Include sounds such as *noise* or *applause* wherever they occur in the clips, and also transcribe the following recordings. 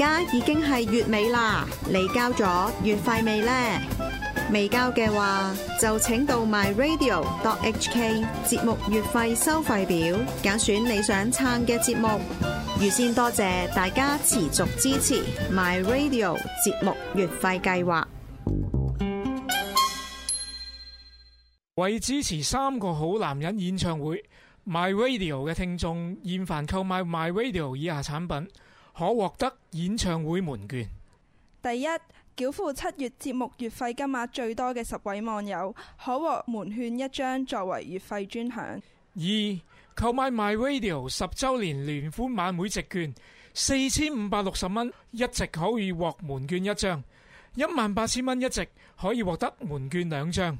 而家已經係月尾啦，你交咗月費未呢？未交嘅話，就請到 myradio.hk 節目月費收費表，揀選你想撐嘅節目。預先多謝大家持續支持 myradio 節目月費計劃。為支持《三個好男人》演唱會 myradio 嘅聽眾，現凡購買 myradio 以下產品。可獲得演唱會門券。第一，繳付七月節目月費金額最多嘅十位網友可獲門券一張，作為月費專享。二，購買 My Radio 十周年聯歡晚會席券四千五百六十蚊一席可以獲門券一張；一萬八千蚊一席可以獲得門券兩張。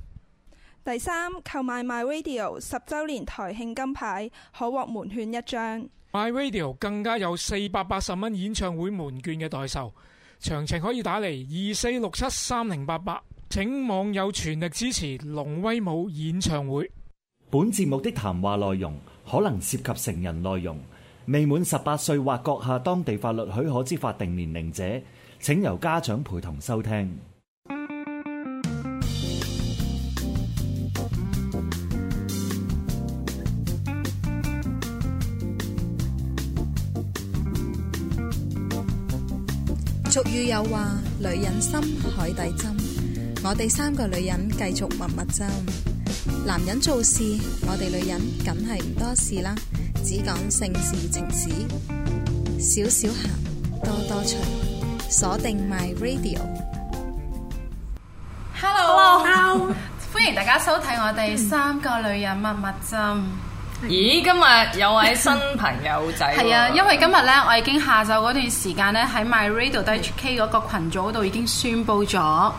第三，購買 My Radio 十周年台慶金牌可獲門券一張。My Radio 更加有四百八十蚊演唱會門券嘅代售，詳情可以打嚟二四六七三零八八，請網友全力支持龍威舞演唱會。本節目的談話內容可能涉及成人內容，未滿十八歲或閣下當地法律許可之法定年齡者，請由家長陪同收聽。俗語有話，女人心海底針，我哋三個女人繼續蜜蜜針。男人做事，我哋女人梗係唔多事啦，只講性事情史，少少鹹，多多趣。鎖定 my radio，Hello，Hello，歡迎大家收睇我哋三個女人蜜蜜針。咦，今日有位新朋友仔啊？係 *laughs* 啊，因為今日咧，我已經下晝段時間咧，喺 MyRadio HK 嗰個羣組度已經宣布咗，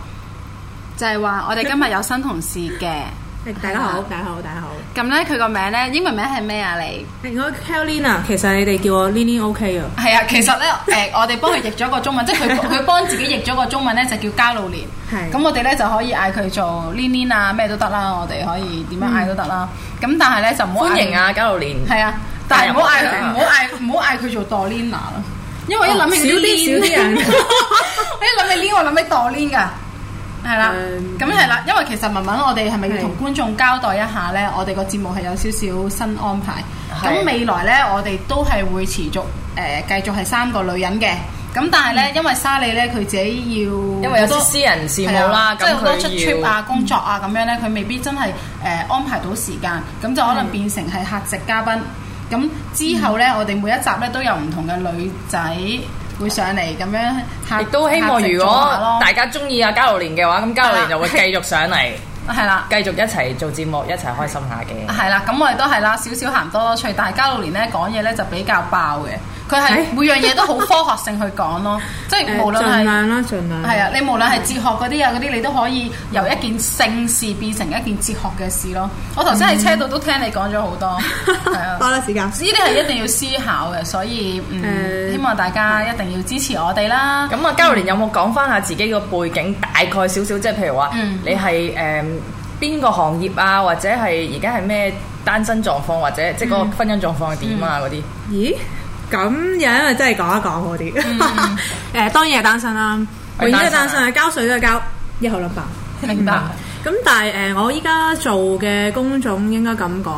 就係話我哋今日有新同事嘅。 *laughs* *laughs* 大家，啊、大家好，大家好，大家好。咁咧，佢個名咧，英文名係咩啊？你我 Helena，其實你哋叫我 Lina OK 啊。係啊，其實咧，誒，我哋幫佢譯咗個中文， *laughs* 即係佢佢幫自己譯咗個中文咧，就叫嘉露蓮。係是。咁我哋咧就可以嗌佢做 Lina 啊，咩都得啦，我哋可以點樣嗌都得啦。咁但係咧就唔好。歡迎啊，嘉露蓮。係啊，但係唔好嗌，唔好嗌，唔好嗌佢做 Do Lina 咯。因為一諗起少啲少啲一諗、啊、 *laughs* *laughs* 起 Lina，諗起 Do Lina 噶。係啦，咁係啦，因為其實雯雯，我哋係咪要同觀眾交代一下呢？我哋個節目係有少少新安排，咁未來呢，我哋都係會持續誒繼續係三個女人嘅。咁但係呢，因為沙莉呢，佢自己要因為有啲私人事務啦，即係好多出 trip 啊工作啊咁樣呢，佢未必真係誒安排到時間，咁就可能變成係客席嘉賓。咁之後呢，我哋每一集呢，都有唔同嘅女仔。會上嚟咁樣，亦都希望如果大家中意阿嘉露蓮嘅話，咁嘉露蓮就會繼續上嚟，係 *laughs* 對啦，繼續一齊做節目，一齊開心下嘅。係 *laughs* 啦，咁我哋都係啦，少少鹹，多多趣。但係嘉露蓮咧講嘢咧就比較爆嘅。佢係每樣嘢都好科學性去講咯，即係無論係盡量啦，盡量係啊！你無論係哲學嗰啲啊嗰啲，你都可以由一件盛事變成一件哲學嘅事咯。我頭先喺車度都聽你講咗好多，係啊，多咗時間。呢啲係一定要思考嘅，所以嗯，希望大家一定要支持我哋啦。咁啊，嘉露蓮有冇講翻下自己個背景大概少少？即係譬如話，你係誒邊個行業啊？或者係而家係咩單身狀況，或者即係個婚姻狀況係點啊？嗰啲咦？咁又因為真係講一講嗰啲誒，當然係單身啦、啊，永遠都係單身，交稅都係交一號三號三號，一毫冇得。明白咁、 *laughs* 嗯，但係誒，我依家做嘅工種應該咁講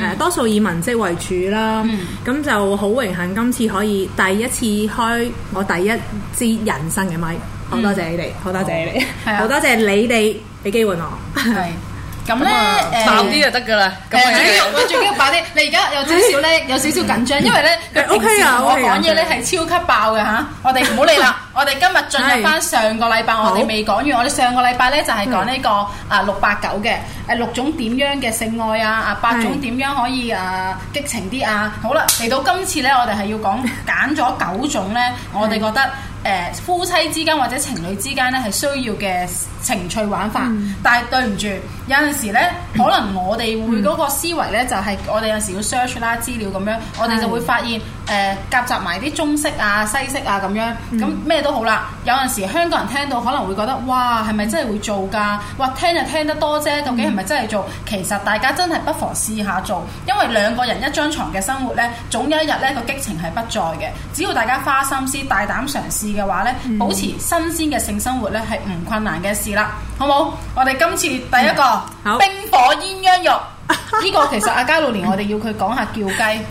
誒，多數以文職為主啦。咁、嗯嗯嗯、就好榮幸今次可以第一次開我第一支人生嘅麥，好、嗯、多謝你哋，好多謝你哋，好、哦、 *laughs* 多謝你哋俾機會我對。 *laughs* 咁咧誒，爆啲就得噶啦。誒，最緊要，最緊要爆啲。你而家有少少咧，有少少緊張，是因為咧，佢之前我講嘢咧係超級爆嘅嚇，okay, okay. 我哋唔好理啦。 *laughs* 我哋今日進入翻上個禮拜，好我哋未講完。我哋上個禮拜咧就係講呢個、嗯、啊六八九嘅誒六種點樣嘅性愛啊啊八種點樣可以、嗯、啊激情啲啊！好啦，嚟到今次咧，我哋係要講揀咗九種咧，嗯、我哋覺得誒、呃、夫妻之間或者情侶之間咧係需要嘅情趣玩法。嗯、但係對唔住，有陣時咧可能我哋會嗰個思維咧就係、是、我哋有時要 search 啦資料咁樣，我哋就會發現誒、嗯呃、夾雜埋啲中式啊西式啊咁樣，咁咩、嗯嗯嗯都好啦，有陣時香港人聽到可能會覺得，哇，係咪真係會做㗎？話聽就聽得多啫，究竟係咪真係做？嗯、其實大家真係不妨試下做，因為兩個人一張床嘅生活呢，總有一日呢個激情係不在嘅。只要大家花心思、大膽嘗試嘅話呢，嗯、保持新鮮嘅性生活呢係唔困難嘅事啦，好冇？我哋今次第一個、嗯、冰火鴛鴦肉，呢 *laughs* 個其實阿嘉露蓮我哋要佢講下叫雞。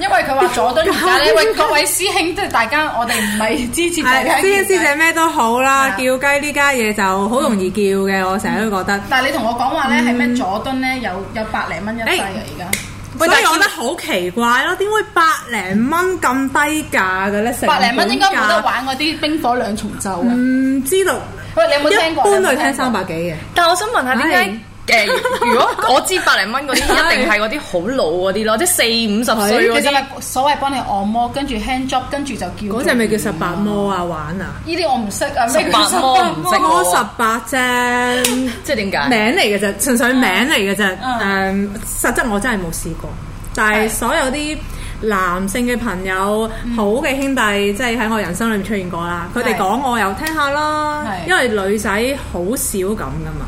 因為佢話佐敦而家，喂各位師兄，即係大家，我哋唔係支持。師兄師姐咩都好啦，叫雞呢家嘢就好容易叫嘅，我成日都覺得。但係你同我講話咧，係咩佐敦咧有有百零蚊一隻㗎而家，所以我覺得好奇怪咯，點會百零蚊咁低價嘅咧？百零蚊應該冇得玩嗰啲冰火兩重奏。唔知道。喂，你有冇聽過？一般都聽三百幾嘅。但係我想問下，點解。誒，如果我知百零蚊嗰啲，一定係嗰啲好老嗰啲咯，即係四五十歲嗰啲。所謂幫你按摩，跟住 hand job，跟住就叫。嗰啲咪叫十八摸啊？玩啊？呢啲我唔識啊，咩叫十八摸？十八啫，即係點解？名嚟嘅啫，純粹名嚟嘅啫。誒，實質我真係冇試過，但係所有啲男性嘅朋友、好嘅兄弟，即係喺我人生裏面出現過啦。佢哋講我又聽下啦，因為女仔好少咁噶嘛。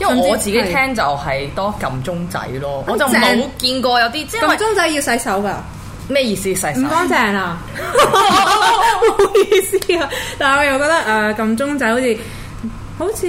因為我自己聽就係多撳鐘仔咯，嗯、我就冇見過有啲真正即係撳鐘仔要洗手噶，咩意思洗手？洗唔乾淨啊？冇意思啊，但係我又覺得誒呃、撳鐘仔好似～好似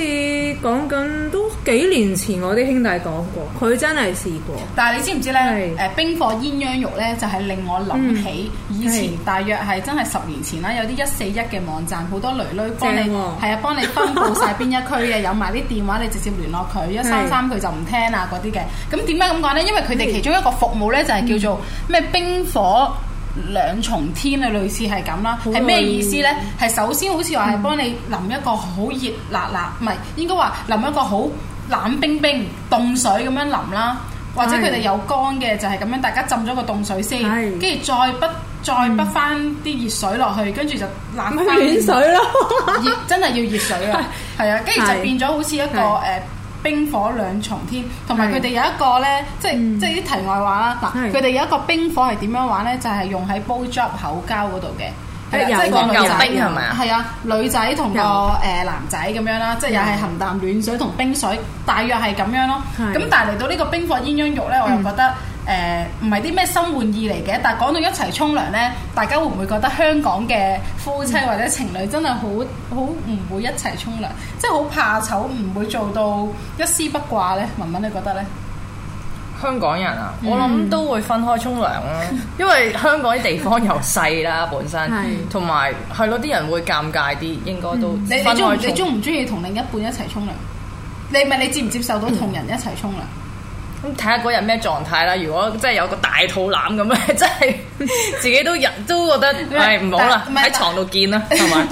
講緊都幾年前，我啲兄弟講過，佢真係試過。但係你知唔知呢？誒是、呃，冰火鴛鴦浴呢，就係、是、令我諗起以前，大約係真係十年前啦。嗯、有啲一四一嘅網站，好多囡囡幫你係、哦、啊，幫你分佈晒邊一區嘅， *laughs* 有埋啲電話，你直接聯絡佢一三三，佢就唔聽啊嗰啲嘅。咁點解咁講呢？因為佢哋其中一個服務呢，就係、是、叫做咩冰火。兩重天啊，類似係咁啦，係咩、嗯、意思呢？係、嗯、首先好似話幫你淋一個好熱辣辣，唔係應該話淋一個好冷冰冰、凍水咁樣淋啦，或者佢哋有幹嘅就係咁樣，是大家浸咗個凍水先，跟住是再不再不翻啲熱水落去，跟住就冷翻水咯，真係要熱水啊，係啊 *laughs* 是，跟住就變咗好似一個誒。冰火兩重天，同埋佢哋有一個呢，是即係即係啲題外話啦。嗱，佢哋有一個冰火係點樣玩呢？就係、是、用喺 ball job 口膠嗰度嘅，即係啊？女仔同個男仔咁樣啦，有即係又係含淡暖水同冰水，大約係咁樣咯。咁是但係嚟到呢個冰火鴛鴦浴呢，我又覺得。嗯誒唔係啲咩新玩意嚟嘅，但係講到一齊沖涼呢，大家會唔會覺得香港嘅夫妻或者情侶真係好好唔會一齊沖涼，即係好怕醜，唔會做到一絲不掛呢？文文你覺得呢？香港人啊，嗯、我諗都會分開沖涼啊， *laughs* 因為香港啲地方又細啦，本身，同埋係咯，啲人會尷尬啲，應該都。你你鍾唔鍾意同另一半一齊沖涼？你問你，你接唔接受到同人一齊沖涼？嗯咁睇下嗰日咩狀態啦，如果真係有個大肚腩咁咧，真係自己都都覺得，係唔好啦，喺床度見啦，係咪？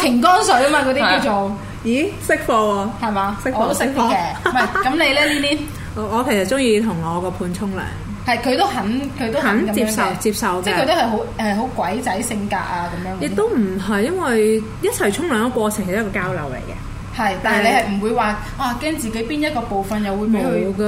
停乾水啊嘛，嗰啲叫做，咦，識貨喎，係嘛吧，識貨識貨，識貨嘅，唔係，咁你咧呢啲？ *laughs* 我其實中意同我個伴沖涼，係佢 *laughs* 都肯，佢都，肯，都肯，肯接受接受，即係佢都係好係好鬼仔性格啊咁樣。亦都唔係，因為一齊沖涼嘅個過程係一個交流嚟嘅。係，但係你係唔會話，哇，驚自己邊一個部分又會冇噶，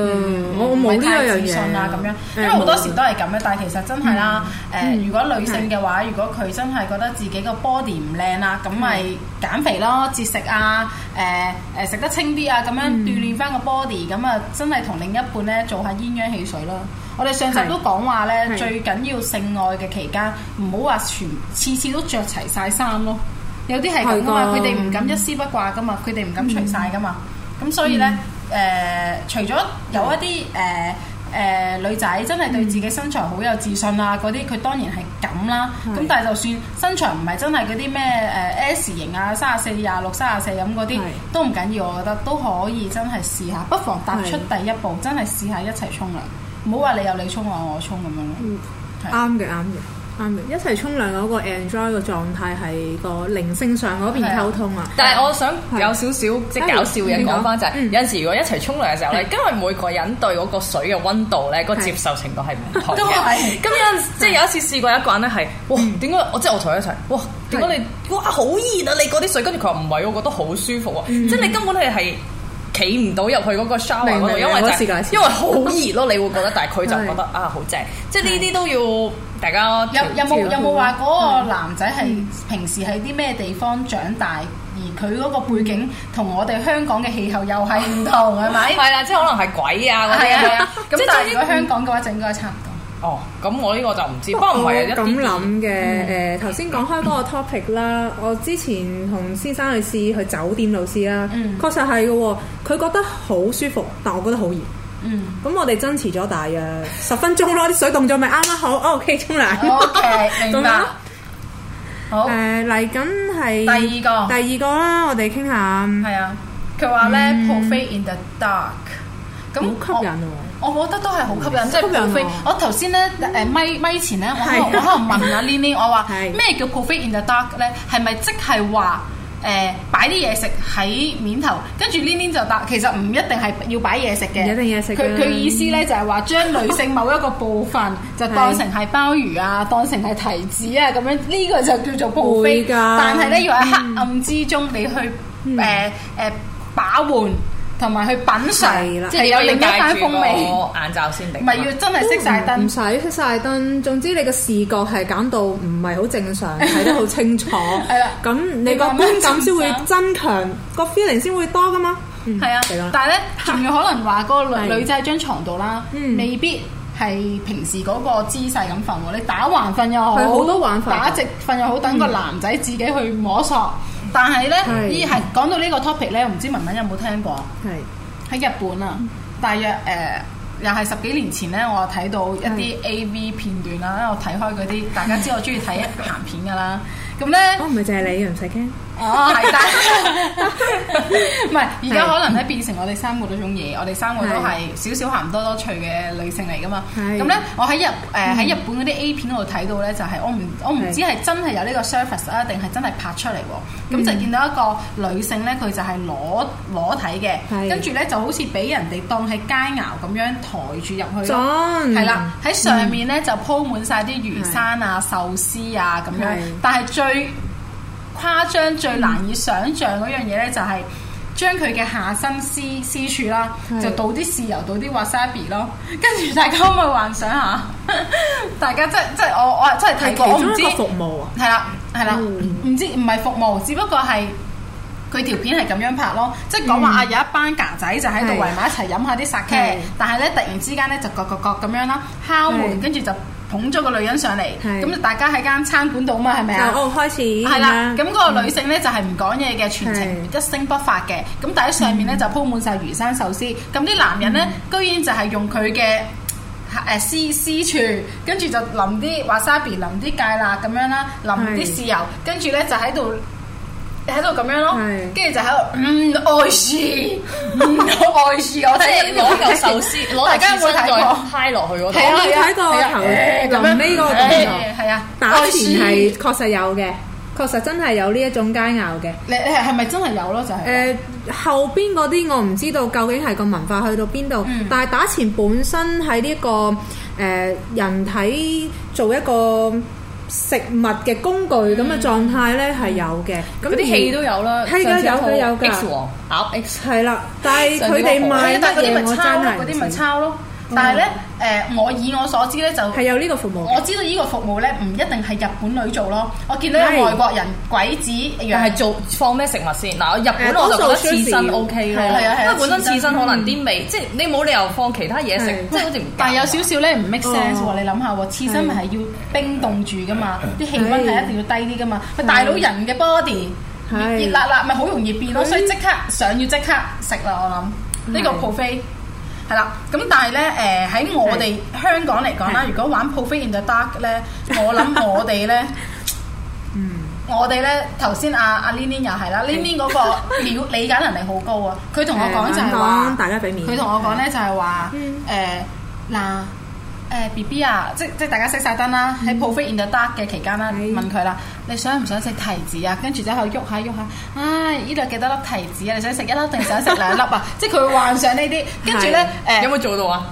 我冇呢一樣嘢啊咁樣，因為好多時都係咁嘅。但係其實真係啦，誒如果女性嘅話，如果佢真係覺得自己個 body 唔靚啦，咁咪減肥咯，節食啊，誒誒食得清啲啊，咁樣鍛鍊翻個 body，咁啊真係同另一半咧做下鴛鴦戲水咯。我哋上集都講話咧，最緊要性愛嘅期間，唔好話全次次都着齊晒衫咯。有啲係咁噶嘛，佢哋唔敢一絲不掛噶嘛，佢哋唔敢除晒噶嘛。咁、嗯、所以咧，誒、 *noise* 呃，除咗有一啲誒誒女仔真係對自己身材好有自信啊，嗰啲佢當然係咁啦。咁對 但係就算身材唔係真係嗰啲咩誒 S 型啊，三十四、廿六、三十四咁嗰啲，都唔緊要，我覺得都可以真係試下，不妨踏出第一步，對 真係試下一齊沖涼，唔好話你有你沖，我我沖咁樣咯。嗯，啱嘅，啱嘅。一齊沖涼嗰個 enjoy 個狀態係個靈性上嗰邊溝通啊！但係我想有少少即係搞笑嘅講翻就係，有陣時如果一齊沖涼嘅時候咧，因為每個人對嗰個水嘅溫度咧個接受程度係唔同嘅。咁有即係有一次試過一個人咧係，哇！點解我即係我同佢一齊？哇！點解你哇好熱啊？你嗰啲水，跟住佢話唔係，我覺得好舒服啊！即係你根本係係企唔到入去嗰個 shower 度，因為因為好熱咯，你會覺得，但係佢就覺得啊好正。即係呢啲都要。大家有有冇有冇話嗰個男仔係平時喺啲咩地方長大，而佢嗰個背景同我哋香港嘅氣候又係唔同係咪？係啦，即係可能係鬼啊嗰啲。係 *laughs* 啊，咁但係如果香港嘅話，就應該差唔多。哦，咁我呢個就唔知。可能係咁諗嘅。誒，頭先講開嗰個 topic 啦，我之前同先生去試去酒店度試啦，確實係嘅喎，佢覺得好舒服，但我覺得好熱。嗯，咁我哋爭持咗大約十分鐘咯，啲水凍咗咪啱啱好，OK 沖涼，OK 明白。好，誒嚟緊係第二個，第二個啦，我哋傾下。係啊，佢話咧 buffet in the dark，咁吸引我覺得都係好吸引，即係 buffet，我頭先咧，誒，咪咪前咧，我我可能問下 Lynn 我話咩叫 buffet in the dark 咧？係咪即係話？誒擺啲嘢食喺面頭，跟住攣攣就答，其實唔一定係要擺嘢食嘅。一定嘢食。佢佢意思咧就係話將女性某一個部分就當成係鮑魚啊， *laughs* 啊當成係提子啊咁樣，呢個就叫做波地。的但係咧要喺黑暗之中你去誒誒、嗯呃呃、把玩。同埋佢品嚐，即係有另一番風味。眼罩先定，唔係要真係熄晒燈，唔使熄晒燈。總之你個視覺係減到唔係好正常，睇得好清楚。係啦，咁你個觀感先會增強，個 feeling 先會多噶嘛。係啊，但係咧，仲有可能話個女女仔喺張床度啦，未必係平時嗰個姿勢咁瞓喎。你打橫瞓又好，好多玩法；打直瞓又好，等個男仔自己去摸索。但係咧，依係是講到呢個 topic 咧，我唔知文文有冇聽過。喺是日本啊，大約誒、呃、又係十幾年前咧，我睇到一啲 AV 片段啦，因為是我睇開嗰啲，大家知道我中意睇鹹片噶啦。咁咧 *laughs* 呢，我唔係淨係你，唔使驚。哦 *laughs* *laughs* 是，係但係唔係而家可能咧，變成我哋三個嗰種嘢，我哋三個都係少少鹹多多脆嘅女性嚟㗎嘛。咁咧是的，我喺日誒喺、嗯呃、日本嗰啲 A 片嗰度睇到咧，就係我唔我唔知係真係有呢個 service 啊，定係真係拍出嚟喎。咁是的 就見到一個女性咧，佢就係裸裸體嘅，跟住咧就好似俾人哋當係佳肴咁樣抬住入去，係啦、嗯，喺上面咧就鋪滿晒啲魚生啊、壽司啊咁樣的，但係最。誇張最難以想像嗰樣嘢咧，就係將佢嘅下身私私處啦，就是倒啲豉油，倒啲 wasabi 咯，跟住大家可唔可以幻想下， *laughs* 大家即即我我即係睇其我唔知我服務啊，係啦係啦，唔知唔係服務，只不過係佢條片係咁樣拍咯，嗯、即係講話啊有一班架仔就喺度圍埋一齊飲下啲 Sake，但係咧突然之間咧就各各各咁樣啦，敲門跟住就。捧咗個女人上嚟，咁就大家喺間餐館度嘛，係咪啊？開始係啦，咁嗰個女性咧就係唔講嘢嘅，全程一聲不發嘅。咁但係上面咧就鋪滿晒魚生壽司，咁啲男人咧居然就係用佢嘅誒私私處，跟住就淋啲 wasabi，淋啲芥辣咁樣啦，淋啲豉油，跟住咧就喺度。喺度咁樣咯，跟住就喺度唔愛樹，唔好愛樹，我即係攞嚿壽司，攞嚿壽司，大家有冇睇過？拉落去嗰度，係啊係啊，打拳係確實有嘅，確實真係有呢一種煎熬嘅。你係係咪真係有咯？就係誒後邊嗰啲，我唔知道究竟係個文化去到邊度，但係打拳本身喺呢個誒人體做一個。食物嘅工具咁嘅狀態咧係有嘅，咁啲器都有啦，係嘅有都、嗯、了有㗎。鴨 X 係啦，但係佢哋買，但係嗰啲咪抄，嗰啲咪抄咯。但係咧，誒，我以我所知咧就係有呢個服務。我知道呢個服務咧唔一定係日本女做咯，我見到有外國人鬼子樣係做放咩食物先嗱？我日本我就覺得刺身 OK 咯，因為本身刺身可能啲味即係你冇理由放其他嘢食，即係好似但係有少少咧唔 make sense 喎，你諗下喎，刺身係要冰凍住噶嘛，啲氣温係一定要低啲噶嘛，大佬人嘅 body 熱辣辣咪好容易變咯，所以即刻想要即刻食啦，我諗呢個 buffet。係啦，咁但係咧，誒、呃、喺我哋香港嚟講啦，是如果玩 Dark, *laughs* 我我《Buffet in the Dark》咧、啊，我諗我哋咧，嗯是，我哋咧頭先阿阿 Lynn、那、Lynn 又係啦 Lynn Lynn 嗰個 *laughs* 理解能力好高啊，佢同我講就係話、嗯，大家俾面，佢同我講咧就係話，誒嗱、嗯。呃誒、欸、B B 啊，即即大家熄晒燈啦，喺 buffet in the dark 嘅期間啦，嗯、問佢啦，你想唔想食提子啊？跟住就之後喐下喐下，唉、哎，依度有幾多粒提子啊？你想食一粒定想食兩粒啊？ *laughs* 即佢會幻想呢啲，跟住咧，誒是，欸、有冇做到啊？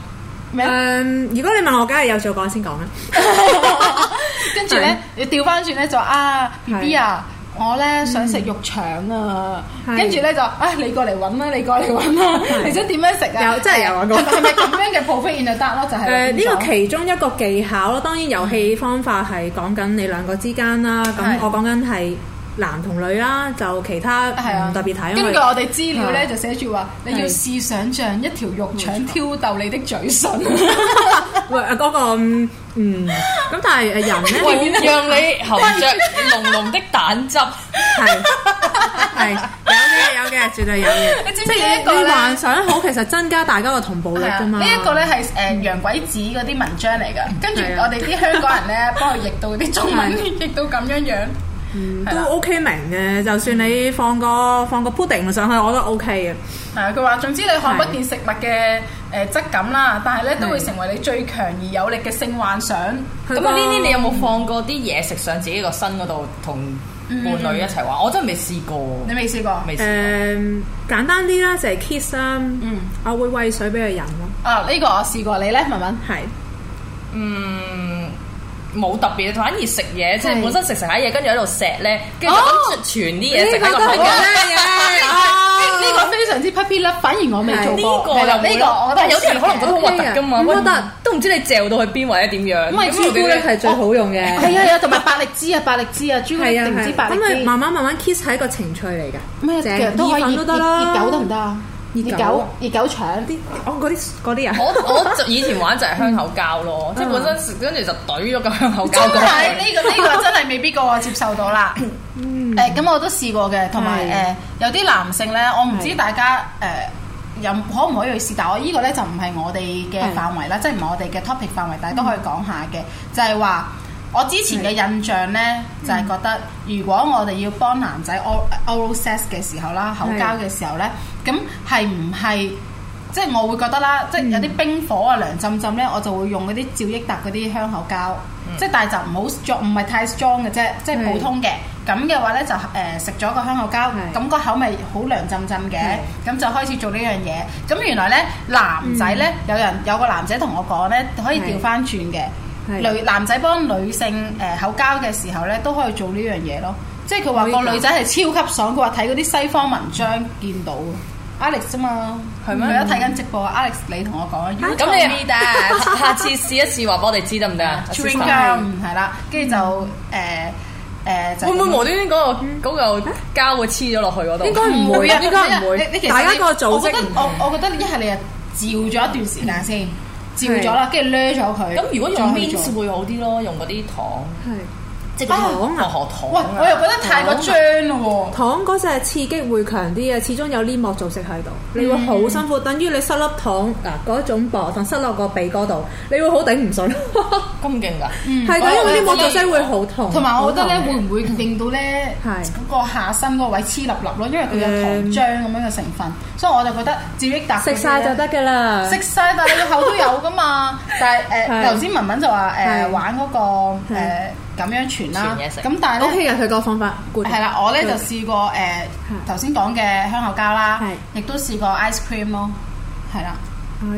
麼 um, 如果你問我，梗係有做講先講啦。 *laughs* *laughs* 跟住咧呢，你調翻轉咧就啊，B B 啊。我咧想食肉腸啊，跟住咧就，啊你過嚟揾啦，你過嚟揾啦，你想點樣食啊？有真係有，係咪咁樣嘅 buffet in the dark 就得咯？就係誒呢個其中一個技巧咯。當然遊戲方法係講緊你兩個之間啦。咁我講緊係男同女啦，就其他唔特別睇。根據我哋資料咧，就寫住話你要試想像一條肉腸挑逗你的嘴唇。喂，嗰個嗯，咁但係誒人咧，會讓你含著濃濃的蛋汁，係，係有嘅有嘅絕對有嘅。你知唔知呢一個咧？你幻想好，其實增加大家嘅同步力噶嘛？呢一個咧係誒洋鬼子嗰啲文章嚟噶，跟住我哋啲香港人咧幫佢譯到啲中文，譯到咁樣樣，都 OK 明嘅。就算你放個放個 pudding 上去，我都 OK 嘅。係佢話總之你看不見食物嘅。誒、呃、質感啦，但係咧都會成為你最強而有力嘅性幻想。咁啊、嗯，呢啲你，你有冇放過啲嘢食上自己身上個身嗰度同伴侶一齊玩？嗯嗯我真係未試過。你未試過？未試過。誒、呃、簡單啲啦，就係、是、kiss 啦。嗯，我會餵水俾佢飲咯。啊，呢、這個我試過，你咧文文係嗯。冇特別，反而食嘢即係本身食食下嘢，跟住喺度錫咧，跟住揾傳啲嘢食喺個台腳，呢個呢個非常之 picky 啦，反而我未做過。呢個又，但係有啲人可能覺得好核突㗎嘛，覺得都唔知你嚼到去邊或者點樣。咁啊，朱古力係最好用嘅。係啊係啊，同埋百力滋啊百力滋啊，朱古力定唔知百力滋。咁咪慢慢慢慢 kiss 係一個情趣嚟㗎，咩日都可以得，熱狗得唔得啊？熱狗，熱狗腸啲，啲啲人。我我以前玩就係香口膠咯，即係本身跟住就懟咗個香口膠過去。呢個呢個真係未必過我接受到啦。誒咁我都試過嘅，同埋誒有啲男性咧，我唔知大家誒有可唔可以去試，但我依個咧就唔係我哋嘅範圍啦，即係唔係我哋嘅 topic 範圍，但係都可以講下嘅，就係話我之前嘅印象咧，就係覺得如果我哋要幫男仔 oral sex 嘅時候啦，口交嘅時候咧。咁係唔係即係我會覺得啦，即係有啲冰火啊涼浸浸咧，我就會用嗰啲趙益達嗰啲香口膠，即係但係就唔好裝，唔係太 strong 嘅啫，即係普通嘅。咁嘅話咧就誒食咗個香口膠，咁個口味好涼浸浸嘅，咁就開始做呢樣嘢。咁原來咧，男仔咧，有人有個男仔同我講咧，可以調翻轉嘅，女男仔幫女性誒口膠嘅時候咧都可以做呢樣嘢咯，即係佢話個女仔係超級爽，佢話睇嗰啲西方文章見到。Alex 啫嘛，係咩？佢而家睇緊直播，Alex，你同我講啊，咁你，下次試一試話俾我哋知得唔得啊 Twingam 係啦，跟住就誒誒，會唔會無端端嗰個嗰個膠會黐咗落去嗰度？應該唔會，應該唔會。你其實大家個組織，我我覺得一係你啊照咗一段時間先，照咗啦，跟住掠咗佢。咁如果用 beans 會好啲咯，用嗰啲糖。糖啊！喂，我又覺得太過漿咯。糖嗰隻係刺激會強啲啊，始終有黏膜組織喺度，你會好辛苦，等於你塞粒糖嗱嗰種薄，但塞落個鼻哥度，你會好頂唔順。咁勁噶？嗯，係咯，因為黏膜組織會好痛。同埋我覺得咧，會唔會令到咧嗰個下身嗰位黐立立咯？因為佢有糖漿咁樣嘅成分，所以我就覺得至於達食晒就得嘅啦。食晒，但係個口都有噶嘛？但係誒，頭先文文就話誒玩嗰個誒咁樣傳啦，咁但係咧，屋企人佢個方法，係啦，我咧就試過誒頭先講嘅香口膠啦，亦都試過 ice cream 咯，係啦，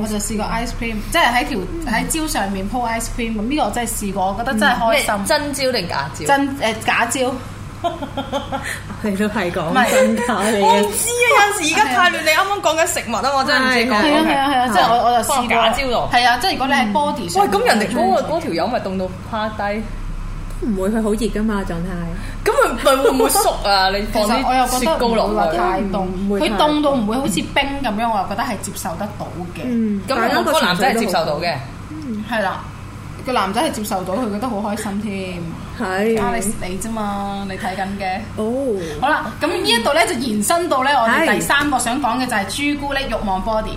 我就試過 ice cream，即係喺條喺蕉上面鋪 ice cream，咁呢個我真係試過，我覺得真係開心。真蕉定假蕉？真誒假蕉？你都係講唔係？我唔知啊，有陣時而家太亂。你啱啱講緊食物啊，我真係唔知講，係啊係啊係啊！即係我我就試過假蕉咯。係啊，即係如果你係 body 餸，喂咁人哋嗰個嗰條友咪凍到趴低。唔會熱，佢好熱噶嘛狀態。咁佢 *laughs* 會唔會縮啊？你其實我又覺得雪糕太凍，佢凍到唔會好似冰咁樣，嗯、我又覺得係接受得到嘅。咁嗰、嗯個，嗯那個男仔接受到嘅，係啦、嗯，個男仔係接受到，佢覺得好開心添。係是是加你字啫嘛，你睇緊嘅。哦、oh，好啦，咁呢一度咧就延伸到咧我哋第三個想講嘅就係朱古力慾望 body。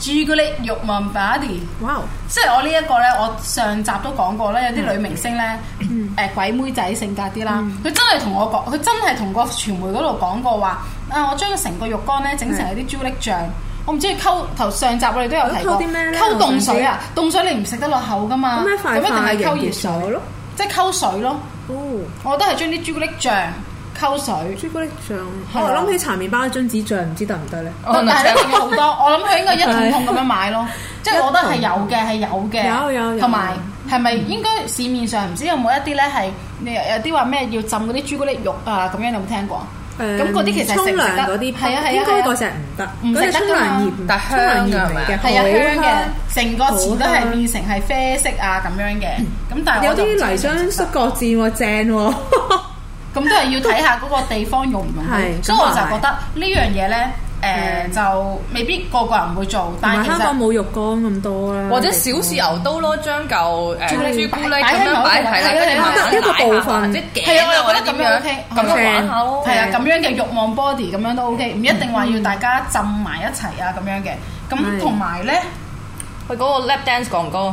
朱古力慾望 body，哇！Wow. 即係我呢一個咧，我上集都講過咧，有啲女明星咧，誒、mm hmm. 呃、鬼妹仔性格啲啦，佢、mm hmm. 真係同我講，佢真係同個傳媒嗰度講過話，啊，我將成個浴缸咧整成一啲朱古力醬，是我唔知佢溝頭上集我哋都有睇過，溝啲咩咧？溝凍水啊，凍水你唔食得落口噶嘛，咁一定係溝熱水咯，即係溝水咯，oh. 我都係將啲朱古力醬。溝水朱古力醬，我諗起茶麵包嗰張紙醬，唔知得唔得咧？但係呢個好多，我諗佢應該一桶桶咁樣買咯，即係我覺得係有嘅，係有嘅。有有有。同埋係咪應該市面上唔知有冇一啲咧係？你有啲話咩要浸嗰啲朱古力肉啊？咁樣你有冇聽過？誒，沖涼嗰啲係啊係啊，應該嗰隻唔得，嗰隻沖涼液，沖涼液嚟嘅，好香嘅，成個池都係變成係啡色啊咁樣嘅。咁但係有啲泥漿摔角戰喎，正喎。咁都係要睇下嗰個地方用唔用得，所以我就覺得呢樣嘢咧，誒就未必個個人唔會做。但係香港冇浴缸咁多啦，或者小豉油刀咯，將嚿誒朱古力咁樣擺喺，擺喺，擺啲部分，即係啊？我又覺得咁樣咁玩吓咯，係啊，咁樣嘅慾望 body 咁樣都 OK，唔一定話要大家浸埋一齊啊咁樣嘅。咁同埋咧，去嗰個 lap dance 講講。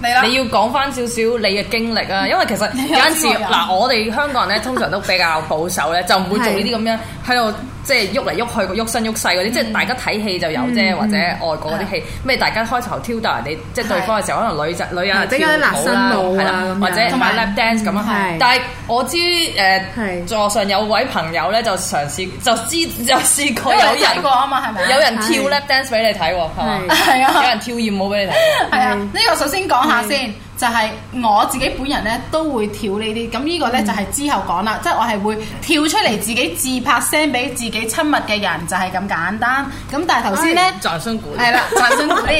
你要講翻少少你嘅經歷啊，因為其實有陣時嗱，我哋香港人咧通常都比較保守咧，就唔會做呢啲咁樣喺度即係喐嚟喐去、喐身喐勢嗰啲。即係大家睇戲就有啫，或者外國嗰啲戲咩？大家開頭挑逗人哋，即係對方嘅時候，可能女仔女人跳舞啦，或者同埋 lap dance 咁啊。但係我知誒，座上有位朋友咧就嘗試就知就試過有人啊嘛，係咪？有人跳 lap dance 俾你睇喎，係嘛？啊，有人跳豔舞俾你睇。係啊，呢個首先講。下先，就係我自己本人咧都會跳呢啲，咁呢個咧就係之後講啦，即係我係會跳出嚟自己自拍聲俾自己親密嘅人，就係咁簡單。咁但係頭先咧，讚聲鼓，係啦，讚聲鼓，呢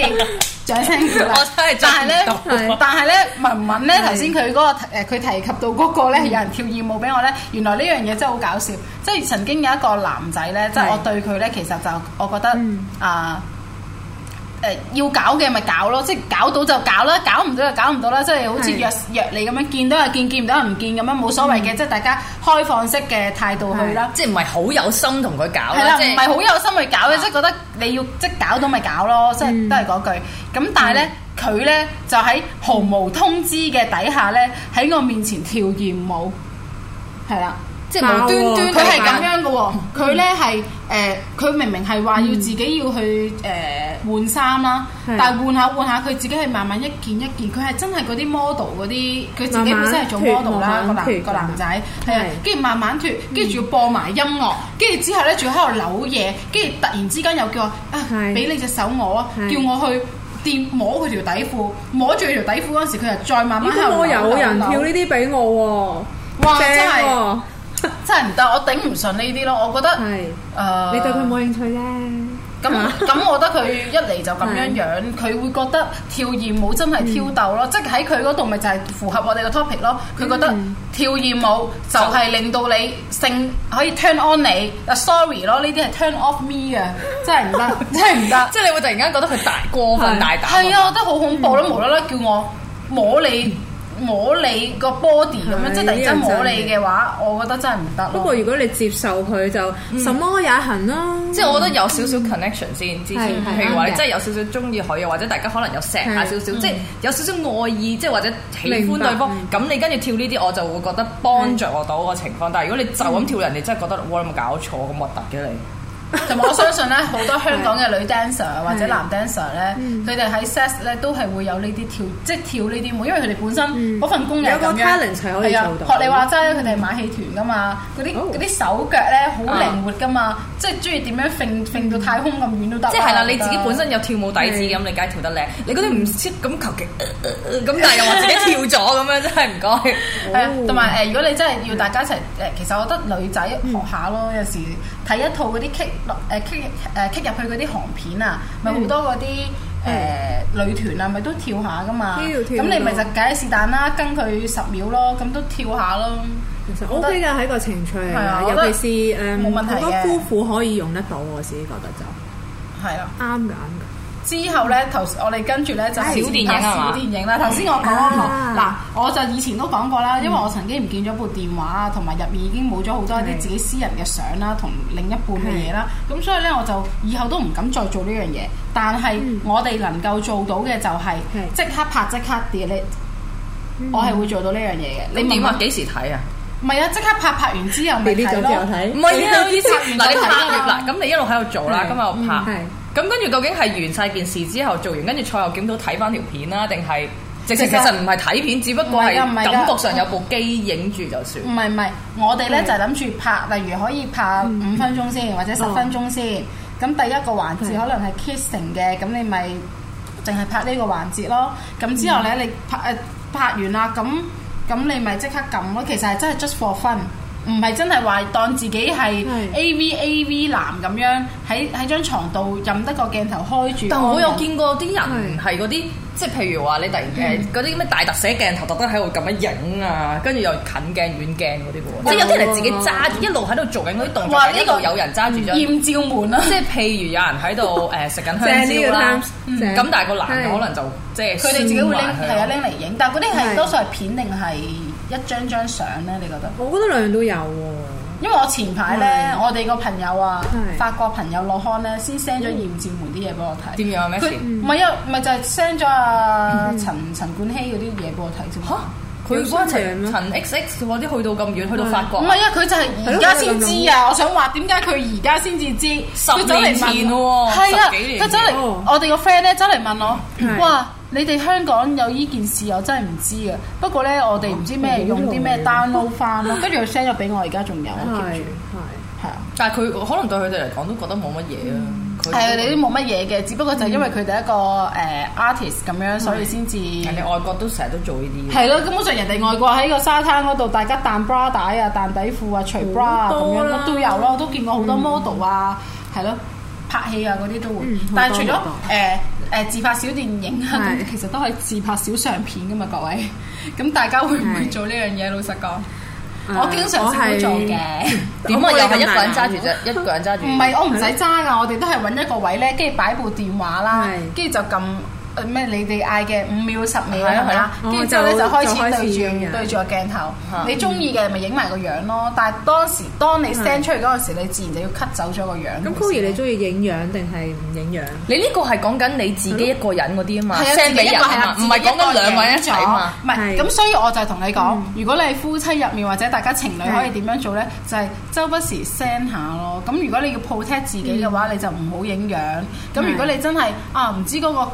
讚聲鼓，但係咧，但係咧，文文咧頭先佢嗰個佢提及到嗰個咧有人跳熱舞俾我咧，原來呢樣嘢真係好搞笑，即係曾經有一個男仔咧，即係是的 我對佢咧其實就我覺得的啊。誒、呃、要搞嘅咪搞咯，即係搞到就搞啦，搞唔到就搞唔到啦，即係好似約是的 約你咁樣，見到又見，見唔到又唔見咁樣，冇所謂嘅，嗯、即係大家開放式嘅態度去啦的。即係唔係好有心同佢搞啦，的即唔是係好有心去搞嘅，即係覺得你要即搞到咪搞咯，即係、嗯、都係嗰句。咁但係咧，佢咧就喺毫無通知嘅底下咧，喺我面前跳豔舞，係啦。即係無端端，佢係咁樣嘅喎。佢咧係誒，佢明明係話要自己要去誒換衫啦，但係換下換下，佢自己係慢慢一件一件。佢係真係嗰啲 model 嗰啲，佢自己本身係做 model 啦，個男個男仔係啊，跟住慢慢脱，跟住要播埋音樂，跟住之後咧，仲要喺度扭嘢，跟住突然之間又叫我啊，俾你隻手我，啊！」叫我去掂摸佢條底褲，摸住佢條底褲嗰陣時，佢又再慢慢脱。咁有人跳呢啲俾我喎，哇，真係！ *laughs* 真係，唔得，我頂唔順呢啲咯。我覺得，誒是，呃、你對佢冇興趣啫。咁咁，我覺得佢一嚟，就咁樣樣，佢會覺得跳艷舞真係挑逗咯，即係喺佢嗰度咪就係符合我哋嘅 topic 咯。佢覺得跳艷舞就係令到你性可以 turn on 你，啊 sorry 咯，呢啲係 turn off me 嘅。真係唔得，真係唔得，即係你會突然間覺得佢大過分大膽。係啊，我覺得好恐怖咯，無啦啦叫我摸你。 *laughs* 摸你個 body 咁樣，對即係突然間摸你嘅話，真我覺得真係唔得。不過如果你接受佢就什麼也行啦。嗯、即係我覺得有少少 connection 先，嗯、之前是是譬如話，即係有少少中意佢，又或者大家可能有錫下少少，是是即係有少少愛意，即係或者喜歡對方。咁你跟住跳呢啲，我就會覺得幫着我到個情況。是是但係如果你就咁跳人，人哋真係覺得我有冇搞錯咁核突嘅你。同埋我相信咧，好多香港嘅女 dancer 或者男 dancer 咧，佢哋喺 set 咧都係會有呢啲跳，即係跳呢啲舞，因為佢哋本身嗰份功力咁樣，係可以做到。學你話齋，佢哋係馬戲團㗎嘛，嗰啲啲手腳咧好靈活㗎嘛，即係中意點樣揈揈到太空咁遠都得。即係啦，你自己本身有跳舞底子咁，你梗係跳得靚。你嗰啲唔識咁求其咁，但係又話自己跳咗咁樣，真係唔該。同埋誒，如果你真係要大家一齊誒，其實我覺得女仔學下咯，有時。睇一套啲 kick 入去啲韓片啊，咪好多啲誒女團啊，咪都跳下噶嘛。咁跳跳跳你咪就假是但啦，跟佢十秒咯，咁都跳下咯。其實 O K 㗎，係個情趣嚟，係啊，尤其是誒誒，我、嗯、好多夫婦可以用得到，我自己覺得就係啊，啱㗎了，啱㗎。之後咧，頭我哋跟住咧就係拍小電影啦。頭先吧我講嗱、啊，我就以前都講過啦，因為我曾經唔見咗部電話，同埋入面已經冇咗好多啲自己私人嘅相啦，同是的 另一半嘅嘢啦。咁是的 所以咧，我就以後都唔敢再做呢樣嘢。但係我哋能夠做到嘅就係即刻拍即刻 delete。是的 我係會做到呢樣嘢嘅。嗯、你明話幾時睇啊？唔係啊！即刻拍，拍完之後咪睇咯，唔係啊！你插完就拍啦。嗱，咁你一路喺度做啦，今日我拍。咁跟住究竟係完晒件事之後做完，跟住賽後檢討睇翻條片啦，定係直情其實唔係睇片，只不過係感覺上有部機影住就算。唔係，唔係，我哋咧就諗住拍，例如可以拍五分鐘先，或者十分鐘先。咁第一個環節可能係 kissing 嘅，咁你咪淨係拍呢個環節咯。咁之後咧，你拍，誒拍完啦，咁。咁你咪即刻撳咯，其實係真係 just for fun。唔係真係話當自己係 AV AV 男咁樣喺喺張床度任得個鏡頭開住，但我有見過啲人係嗰啲，即係譬如話你突然誒嗰啲咩大特寫鏡頭，特登喺度咁樣影啊，跟住又近鏡遠鏡嗰啲喎，即係有啲人自己揸一路喺度做緊嗰啲動作，呢度有人揸住張艷照門啦，即係譬如有人喺度誒食緊香蕉啦，咁但係個男嘅可能就即係佢哋自己會拎係啊拎嚟影，但係嗰啲係多數係片定係。一張張相咧，你覺得？我覺得兩樣都有喎。因為我前排咧，我哋個朋友啊，法國朋友落康咧，先 send 咗艷照門啲嘢俾我睇。點樣咩事？佢唔係啊，唔係就係 send 咗啊陳陳冠希嗰啲嘢俾我睇啫。嚇！佢關陳陳 XX 嗰啲去到咁遠，去到法國。唔係啊！佢就係而家先知啊！我想話點解佢而家先至知？佢走嚟問喎，係啊，佢走嚟，我哋個 friend 咧走嚟問我，哇！你哋香港有依件事，我真係唔知嘅。不過咧，我哋唔知咩用啲咩 download 翻咯，跟住佢 send 咗俾我，而家仲有 keep 住。係係是是 啊！啊但係佢可能對佢哋嚟講都覺得冇乜嘢啊。係啊、嗯，你都冇乜嘢嘅，只不過就因為佢哋一個誒、嗯啊、artist 咁樣，所以先至。人哋外國都成日都做呢啲。係咯，根本上人哋外國喺個沙灘嗰度，大家彈 bra 帶啊、彈底褲啊、除 bra 啊咁樣都有咯，都見過好多 model 啊，係咯、嗯。拍戲啊嗰啲都會，嗯、但係除咗誒誒自拍小電影啊，是 其實都係自拍小相片㗎嘛，各位，咁大家會唔會做呢樣嘢？是 老實講，呃、我經常自己做嘅是。點啊？又係一個人揸住啫，一個人揸住。唔係，我唔使揸㗎，我哋都係搵一個位咧，跟住擺部電話啦，跟住是 就咁。咩？你哋嗌嘅五秒十秒係啦？跟住之後咧就開始對住對住個鏡頭。你中意嘅咪影埋個樣咯。但係當時當你 send 出嚟嗰陣時，你自然就要 cut 走咗個樣。咁溝兒，你中意影樣定係唔影樣？你呢個係講緊你自己一個人嗰啲啊嘛，send 俾人啊嘛，唔係講緊兩位一齊啊嘛。唔係，咁所以我就同你講，如果你係夫妻入面或者大家情侶可以點樣做咧，就係周不時 send 下咯。咁如果你要 protect 自己嘅話，你就唔好影樣。咁如果你真係啊，唔知嗰個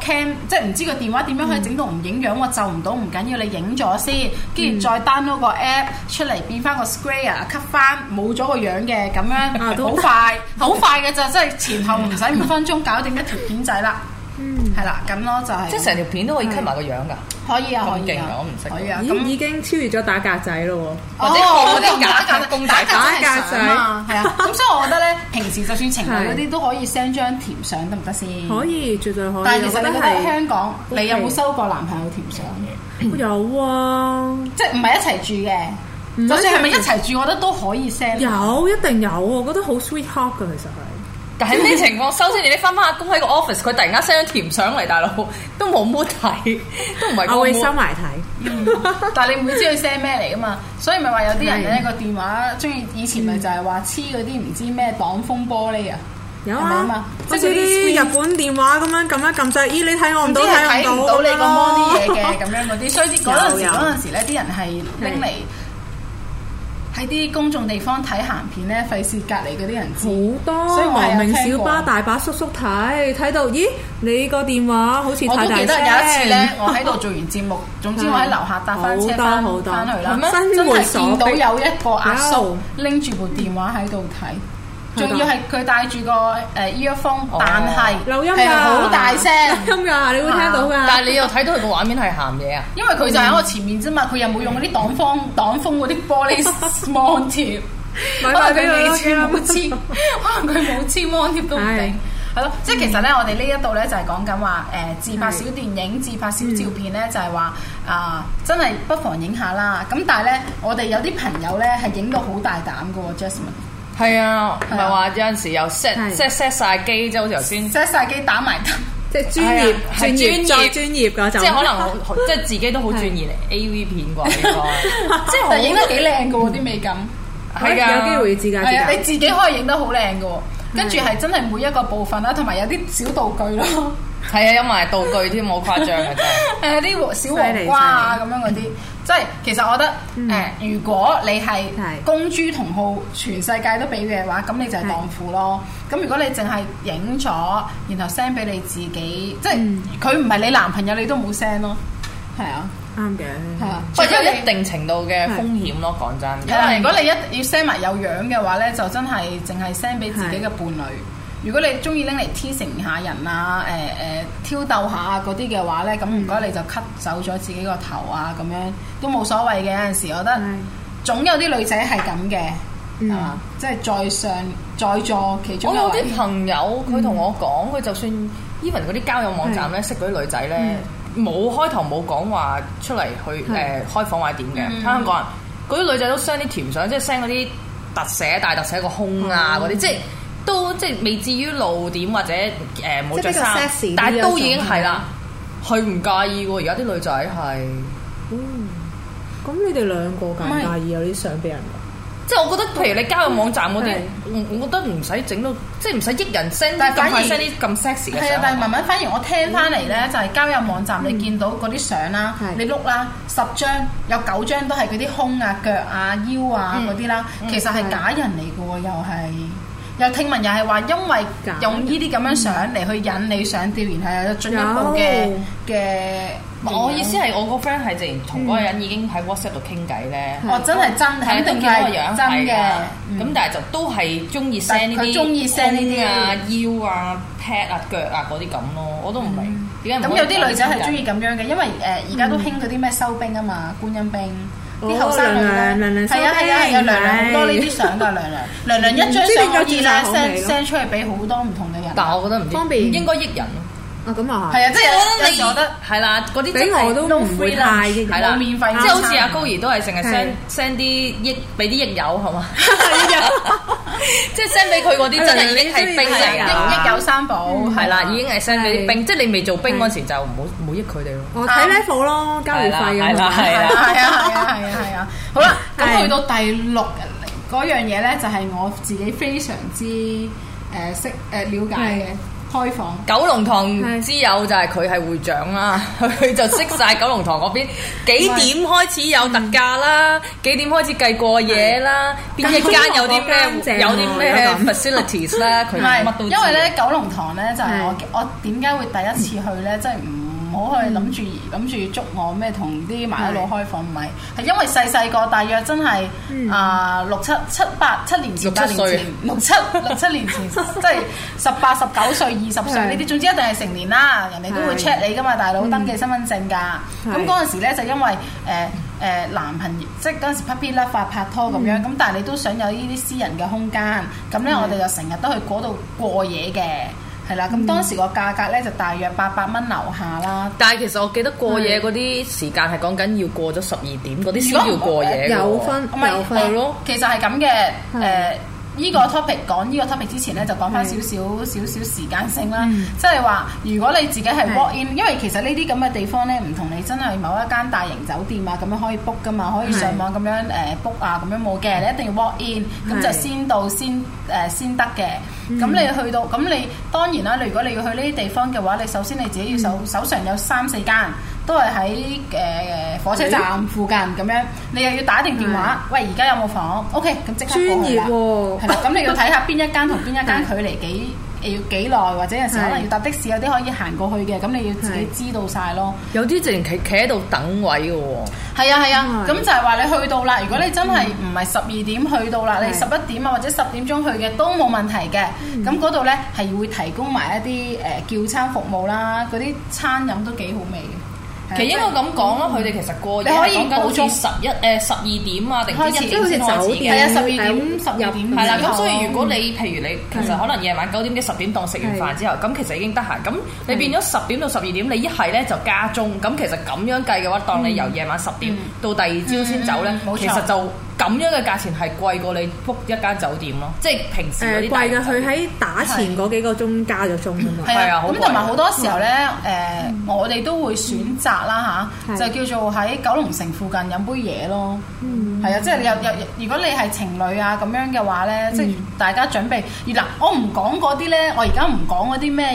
即係唔知個電話點樣可以整到唔影樣，嗯、我就唔到唔緊要，你影咗先，跟住再 download 個 app 出嚟變翻個 square cut 翻冇咗個樣嘅咁樣，啊、都好快好 *laughs* 快嘅就真係前後唔使五分鐘搞定一條片仔啦。嗯，係啦，咁咯就係，即係成條片都可以 cut 埋個樣噶，可以啊，好勁啊，我唔識，可以啊，咁已經超越咗打格仔咯喎，哦，嗰啲假人工假上啊，係啊，咁所以我覺得咧，平時就算情侶嗰啲都可以 send 張甜相得唔得先？可以，絕對可以。但係其實你喺香港，你有冇收過男朋友甜相嘅？有啊，即係唔係一齊住嘅，就算係咪一齊住，我覺得都可以 send。有，一定有，我覺得好 sweet heart 噶，其實係。但係咩情況，首先你你翻返阿公喺個 office，佢突然間 send 咗甜相嚟，大佬都冇乜睇，都唔係。我會收埋睇。但係你唔會知佢 send 咩嚟噶嘛？所以咪話有啲人咧，個電話中意以前咪就係話黐嗰啲唔知咩擋風玻璃啊，係啊嘛，好似啲日本電話咁樣撳一撳掣，咦你睇我唔到睇唔到你個摩啲嘢嘅咁樣嗰啲，所以嗰陣時嗰陣時咧啲人係拎嚟。喺啲公眾地方睇鹹片咧，費事隔離嗰啲人好多的。所以亡命小巴大把叔叔睇，睇到咦，你個電話好似太大聲。我記得有一次咧，我喺度做完節目， *laughs* 總之我喺樓下搭翻車翻翻去啦，身邊 真係見到有一個阿嫂拎住部電話喺度睇。嗯。仲要係佢戴住個誒耳麥風，但係錄音㗎，好大聲，錄音㗎，你會聽到㗎。但係你又睇到佢個畫面係鹹嘢啊！因為佢就喺我前面啫嘛，佢又冇用嗰啲擋風擋風嗰啲玻璃網貼，可能佢冇黐，可能佢冇黐網貼都唔定。係咯，即係其實咧，我哋呢一度咧就係講緊話誒自拍小電影、自拍小照片咧，就係話啊，真係不妨影下啦。咁但係咧，我哋有啲朋友咧係影到好大膽嘅 Jasmine。係啊，唔係話有陣時又 set set set 晒機，即係好似頭先 set 晒機打埋燈，即係專業，係專業，專業嗰種即係可能即係自己都好專業嚟 A V 片啩，應該即係影得幾靚噶喎啲美感，係啊，有機會自駕車，你自己可以影得好靚噶，跟住係真係每一個部分啦，同埋有啲小道具咯，係啊，有埋道具添，好誇張啊，誒、啲小黃瓜啊咁樣嗰啲。即係其實我覺得，誒、嗯，如果你係公諸同好，是全世界都俾嘅話，咁你就係當富咯。咁是如果你淨係影咗，然後 send 俾你自己，即係佢唔係你男朋友，你都冇 send 咯。係啊，啱嘅的。係啊，因為一定程度嘅風險咯，講是真。係啊，如果你一要 send 埋有樣嘅話咧，就真係淨係 send 俾自己嘅伴侶。如果你中意拎嚟 t e 成下人啊，誒、欸、誒、欸、挑逗下嗰啲嘅話咧，咁唔該你就吸走咗自己個頭啊，咁樣都冇所謂嘅。有陣時，我覺得總有啲女仔係咁嘅，啊、嗯，即、就、係、是、在上在座其中有一位我有啲朋友佢同我講，佢、嗯、就算 even 嗰啲交友網站咧，的識嗰啲女仔咧，冇的開頭冇講話出嚟去誒的、呃、開房或者點嘅。嗯、香港人，嗰啲女仔都 send 啲甜相，即係 send 嗰啲特寫大特寫個胸空啊嗰啲，啊、即係。都即係未至於露點或者誒冇著衫，但係都已經係啦。佢唔介意嘅喎，而家啲女仔係。嗯，咁你哋兩個介唔介意有啲相俾人？即係我覺得，譬如你交友網站嗰啲，我覺得唔使整到，即係唔使益人 send，但係反而 send 啲咁 sexy 嘅。係啊，但係慢慢反而我聽翻嚟咧，就係交友網站你見到嗰啲相啦，你碌啦，十張有九張都係嗰啲胸啊、腳啊、腰啊嗰啲啦，其實係假人嚟嘅喎，又係。又聽聞又係話，因為用呢啲咁樣相嚟去引你上吊，然後有進一步嘅嘅。我意思係我個 friend 係直情同嗰個人已經喺 WhatsApp 度傾偈咧。哦，真係真嘅，一定見到個樣真嘅。咁但係就都係中意 send 呢啲，中意 send 呢啲啊腰啊、劈啊、腳啊嗰啲咁咯。我都唔明點解。咁有啲女仔係中意咁樣嘅，因為誒而家都興嗰啲咩收兵啊嘛，觀音兵。啲後生女咧，係啊係啊係啊，啊，娘娘。好多你啲相㗎，娘娘，娘娘。一張相可以啦，send send 出嚟俾好多唔同嘅人，但我覺得方便唔應該益人。啊咁啊！係啊，即係有陣你覺得係啦，嗰啲整我都唔會太，係啦免費，即係好似阿高兒都係成日 send send 啲益俾啲益友，好嘛？係啊，即係 send 俾佢嗰啲真係已經係兵嚟，益益友三寶係啦，已經係 send 俾啲兵，即係你未做兵嗰時就唔好冇益佢哋咯。我睇 level 咯，交易費咁咯。係啦係啦係啊係啊，好啦，咁去到第六嗰樣嘢咧，就係我自己非常之誒識誒瞭解嘅。開房，九龍塘之友就係佢係會長啦、啊，佢 *laughs* *laughs* 就識晒九龍塘嗰邊幾點開始有特價啦， *laughs* 幾點開始計過夜啦，邊 *laughs* 一間有啲咩 *laughs* 有啲咩 facilities 啦，佢 *laughs* 乜都知。因為咧 *laughs* 九龍塘咧就係我 *laughs* 我點解會第一次去咧，真係唔～我好去諗住諗住捉我咩同啲麻甩佬，開房，唔係，係因為細細個，大約真係啊六七七八七年前，六七歲，六七六七年前，即係十八十九 *laughs* 歲二十歲呢啲是，總之一定係成年啦，人哋都會 check 你噶嘛，大佬是登記身份證㗎。咁嗰陣時咧就因為誒誒、呃呃、男朋友，即係嗰陣時 puppy love 拍拖咁樣，咁、嗯、但係你都想有呢啲私人嘅空間，咁咧我哋就成日都去嗰度過夜嘅。係啦，咁當時個價格咧就大約八百蚊樓下啦。嗯、但係其實我記得過夜嗰啲時間係講緊要過咗十二點嗰啲先要過夜。有分，唔係，係咯，其實係咁嘅，誒的。Uh, 呢個 topic，講呢個 topic 之前咧是，就講翻少少少少時間性啦，嗯。即係話，如果你自己係 walk in，是因為其實呢啲咁嘅地方咧，唔同你真係某一間大型酒店啊，咁樣可以 book 噶嘛，可以上網咁樣誒 book 啊，咁是樣冇嘅，呃，你一定要 walk in，咁是就先到先誒，呃、先得嘅。咁、嗯、你去到，咁你當然啦，你如果你要去呢啲地方嘅話，你首先你自己要，嗯、手手上有三四間。都係喺誒火車站附近咁樣，你又要打定電話，喂，而家有冇房？O K，咁即刻過嚟啦。專業喎，係啦，咁你要睇下邊一間同邊一間距離幾要幾耐，或者有時可能要搭的士，有啲可以行過去嘅，咁你要自己知道晒咯。有啲直情企企喺度等位嘅喎。係啊係啊，咁就係話你去到啦。如果你真係唔係十二點去到啦，你十一點啊或者十點鐘去嘅都冇問題嘅。咁嗰度呢，係會提供埋一啲誒叫餐服務啦，嗰啲餐飲都幾好味。其實應該咁講咯，佢哋其實過夜講緊好似十一誒十二點啊，定一時先開始。係啊，十二點十二點。係啦，咁所以如果你譬如你其實可能夜晚九點幾十點當食完飯之後，咁其實已經得閒。咁你變咗十點到十二點，你一係咧就加鐘。咁其實咁樣計嘅話，當你由夜晚十點到第二朝先走咧，其實就。咁樣嘅價錢係貴過你 book 一間酒店咯，即係平時嗰啲、欸。誒貴嘅，佢喺店打前嗰幾個鐘加咗鐘㗎嘛。係啊，咁同埋好多時候咧，誒、嗯呃、我哋都會選擇啦吓、嗯啊，就叫做喺九龍城附近飲杯嘢咯。嗯係啊，即係又又如果你係情侶啊咁樣嘅話咧，即係大家準備。嗱，我唔講嗰啲咧，我而家唔講嗰啲咩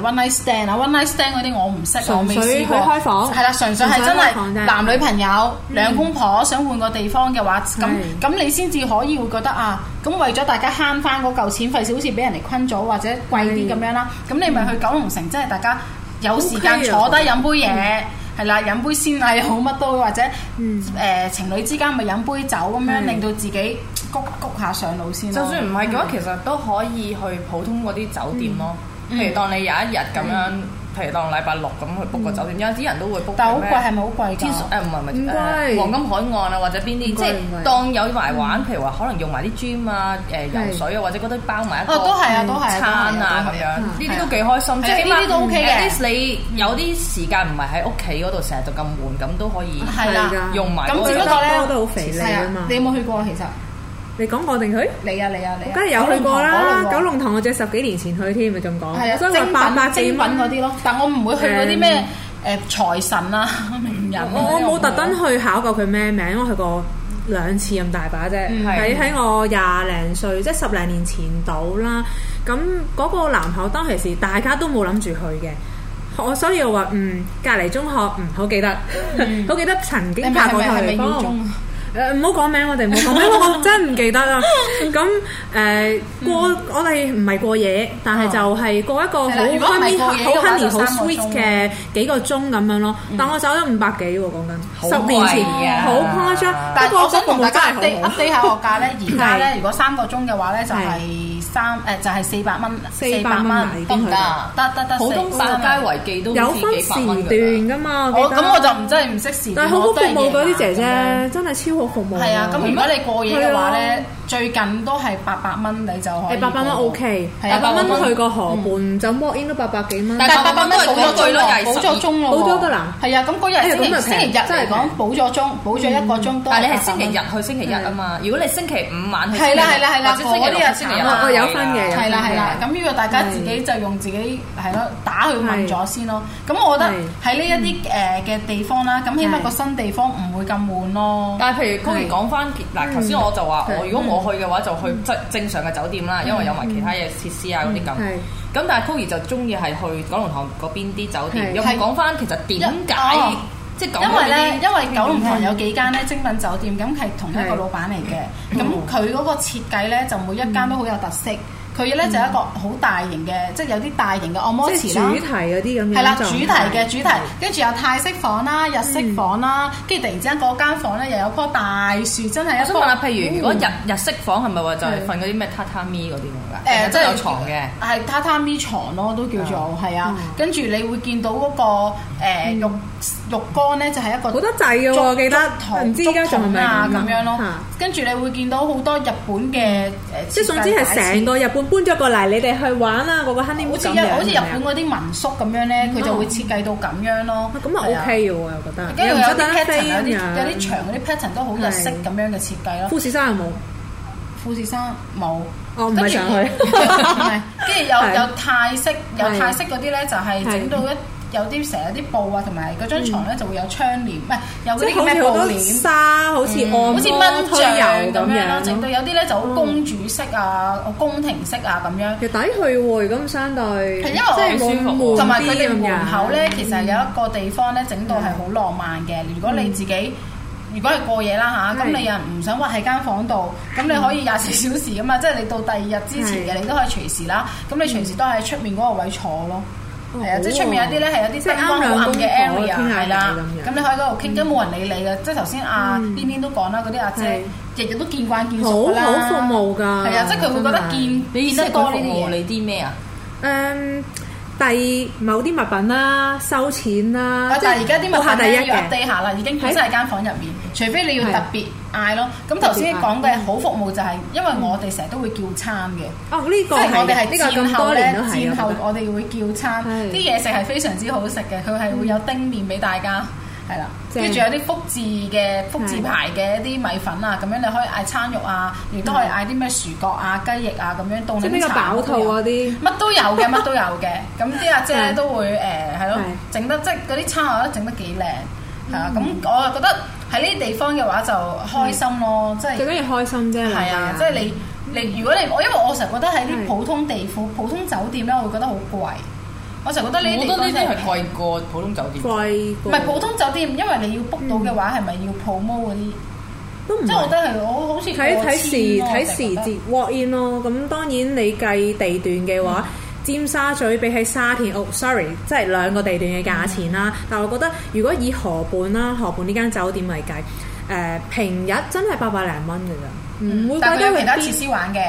誒誒，one night stand 啊，one night stand 嗰啲我唔識，我未試過。純粹去開房。係啦，純粹係真係男女朋友、兩公婆想換個地方嘅話，咁咁你先至可以會覺得啊，咁為咗大家慳翻嗰嚿錢，費事好似俾人哋坤咗或者貴啲咁樣啦。咁你咪去九龍城，即係大家有時間坐低飲杯嘢。係啦，飲杯先啦，好乜都，或者誒、嗯呃、情侶之間咪飲杯酒咁樣，嗯、令到自己谷谷下上腦先。就算唔係嘅話，嗯、其實都可以去普通嗰啲酒店咯。嗯、譬如當你有一日咁樣。嗯嗯嗯譬如當禮拜六咁去 book 個酒店，有啲人都會 book。但好貴係咪好貴？天水唔係唔係，黃金海岸啊或者邊啲，即係當有埋玩，譬如話可能用埋啲 gym 啊誒游水啊，或者嗰啲包埋一都都個餐啊咁樣，呢啲都幾開心，即係起碼呢啲屋企 k 嘅。你有啲時間唔係喺屋企嗰度成日就咁悶，咁都可以用埋。咁嗰個咧都好肥膩啊嘛！你有冇去過其實？你講我定佢？你啊，你啊，你梗係有去過啦！九龍塘我著十幾年前去添，咪仲講。係啊，所以係八百地揾嗰啲咯。但我唔會去嗰啲咩誒財神啦、人我冇特登去考過佢咩名，因為去過兩次咁大把啫。喺喺我廿零歲，即係十零年前到啦。咁嗰個男校當其時大家都冇諗住去嘅，我所以我話嗯隔離中學嗯好記得，好記得曾經拍過台風。誒唔好講名，我哋唔好講名，我真唔記得啦。咁誒過，我哋唔係過夜，但係就係過一個好 honey 好 happy 好 sweet 嘅幾個鐘咁樣咯。但我走咗五百幾喎，講緊十年前好誇張。但係我想問下，好、好、地下學價咧，而家咧，如果三個鐘嘅話咧，就係。三誒、哎、就係四百蚊，四百蚊得佢啦，得得得，普通大街維記都有分時段㗎嘛。我咁我，我就唔真係唔識時段，對但係好好服務嗰啲姐姐，真係超好服務。係啊，咁、啊、如果你過夜嘅話咧。最近都係八百蚊，你就可以八百蚊 O K，八百蚊去個河畔就 work in 都八百幾蚊，但係八百蚊保咗最多，保咗鐘咯，保咗噶啦。係啊，咁嗰日星期日，即係講保咗鐘，保咗一個鐘。但係你係星期日去星期日啊嘛，如果你星期五晚去，或者星期日先嚟啊，有返嘅。係啦係啦，咁如果大家自己就用自己係咯，打去問咗先咯。咁我覺得喺呢一啲誒嘅地方啦，咁起碼個新地方唔會咁悶咯。但係譬如講完講翻嗱，頭先我就話如果我我去嘅話就去即正常嘅酒店啦，因為有埋其他嘢設施啊、嗰啲咁。咁但係 Koi 就中意係去九龍塘嗰邊啲酒店。又講翻其實點解？即講呢啲，因為咧，因為九龍塘有幾間咧精品酒店，咁係同一個老闆嚟嘅。咁佢嗰個設計咧，就每一間都好有特色。嗯佢咧就係一個好大型嘅，即係有啲大型嘅按摩池啦。主題嗰啲咁樣就係。係啦，主題嘅主題，跟住有泰式房啦、日式房啦，跟住突然之間嗰間房咧又有棵大樹，真係一棵。我想問下，譬如如果日日式房係咪話就係瞓嗰啲咩榻榻米嗰啲㗎？誒，即係有床嘅。係榻榻米床咯，都叫做係啊。跟住你會見到嗰個浴浴缸咧，就係一個好多掣嘅喎，記得。總之依家仲係咪？跟住你會見到好多日本嘅誒即係總之係成個日本。搬咗過嚟你哋去玩啦，嗰個 honeymoon 好似日本嗰啲民宿咁樣咧，佢就會設計到咁樣咯。咁啊 OK 嘅，我又覺得。跟住有啲 pattern，有啲有啲長嗰啲 pattern 都好日式咁樣嘅設計咯。富士山有冇？富士山冇。我唔去，跟住有有泰式，有泰式嗰啲咧就係整到一。有啲成日有啲布啊，同埋嗰張牀咧就會有窗簾，唔係有嗰啲咩布簾、沙，好似蚊帳咁樣咯。整到有啲咧就好公主式啊，個宮廷式啊咁樣。又抵去喎，相對係因為我哋門，同埋佢哋門口咧，其實有一個地方咧，整到係好浪漫嘅。如果你自己如果係過夜啦吓，咁你又唔想屈喺間房度，咁你可以廿四小時噶嘛，即係你到第二日之前嘅，你都可以隨時啦。咁你隨時都喺出面嗰個位坐咯。係啊，即係出面有啲咧係有啲不啱好暗嘅 area 係啦，咁你喺嗰度傾都冇人理你嘅，即係頭先阿邊邊都講啦，嗰啲阿姐日日都見慣見熟好好服務㗎，係啊，即係佢會覺得見見得多呢啲嘢。你啲咩啊？誒，第某啲物品啦，收錢啦。或者係而家啲物品咧要入地下啦，已經本身喺間房入面。除非你要特別嗌咯，咁頭先講嘅好服務就係，因為我哋成日都會叫餐嘅。哦，呢個係戰後咧，戰後我哋會叫餐，啲嘢食係非常之好食嘅。佢係會有丁麵俾大家，係啦，跟住有啲福字嘅福字牌嘅一啲米粉啊，咁樣你可以嗌餐肉啊，亦都可以嗌啲咩薯角啊、雞翼啊咁樣，凍檸茶嘅。整比較飽肚嗰啲，乜都有嘅，乜都有嘅。咁啲阿姐都會誒，係咯，整得即係嗰啲餐我覺得整得幾靚，係啊。咁我覺得。喺呢啲地方嘅話就開心咯，即係最緊要開心啫。係啊，即係你你如果你我因為我成日覺得喺啲普通地府、普通酒店咧，我會覺得好貴。我成日覺得呢啲覺得呢啲係貴過普通酒店。貴過唔係普通酒店，因為你要 book 到嘅話，係咪要 promo 嗰啲都唔即係我覺得係我好似睇睇時睇時節 walk in 咯。咁當然你計地段嘅話。尖沙咀比起沙田哦、oh, sorry，即係兩個地段嘅價錢啦。嗯、但係我覺得，如果以河畔啦，河畔呢間酒店嚟計，誒平日真係八百零蚊嘅咋，唔、嗯、會覺得有其他設施玩嘅。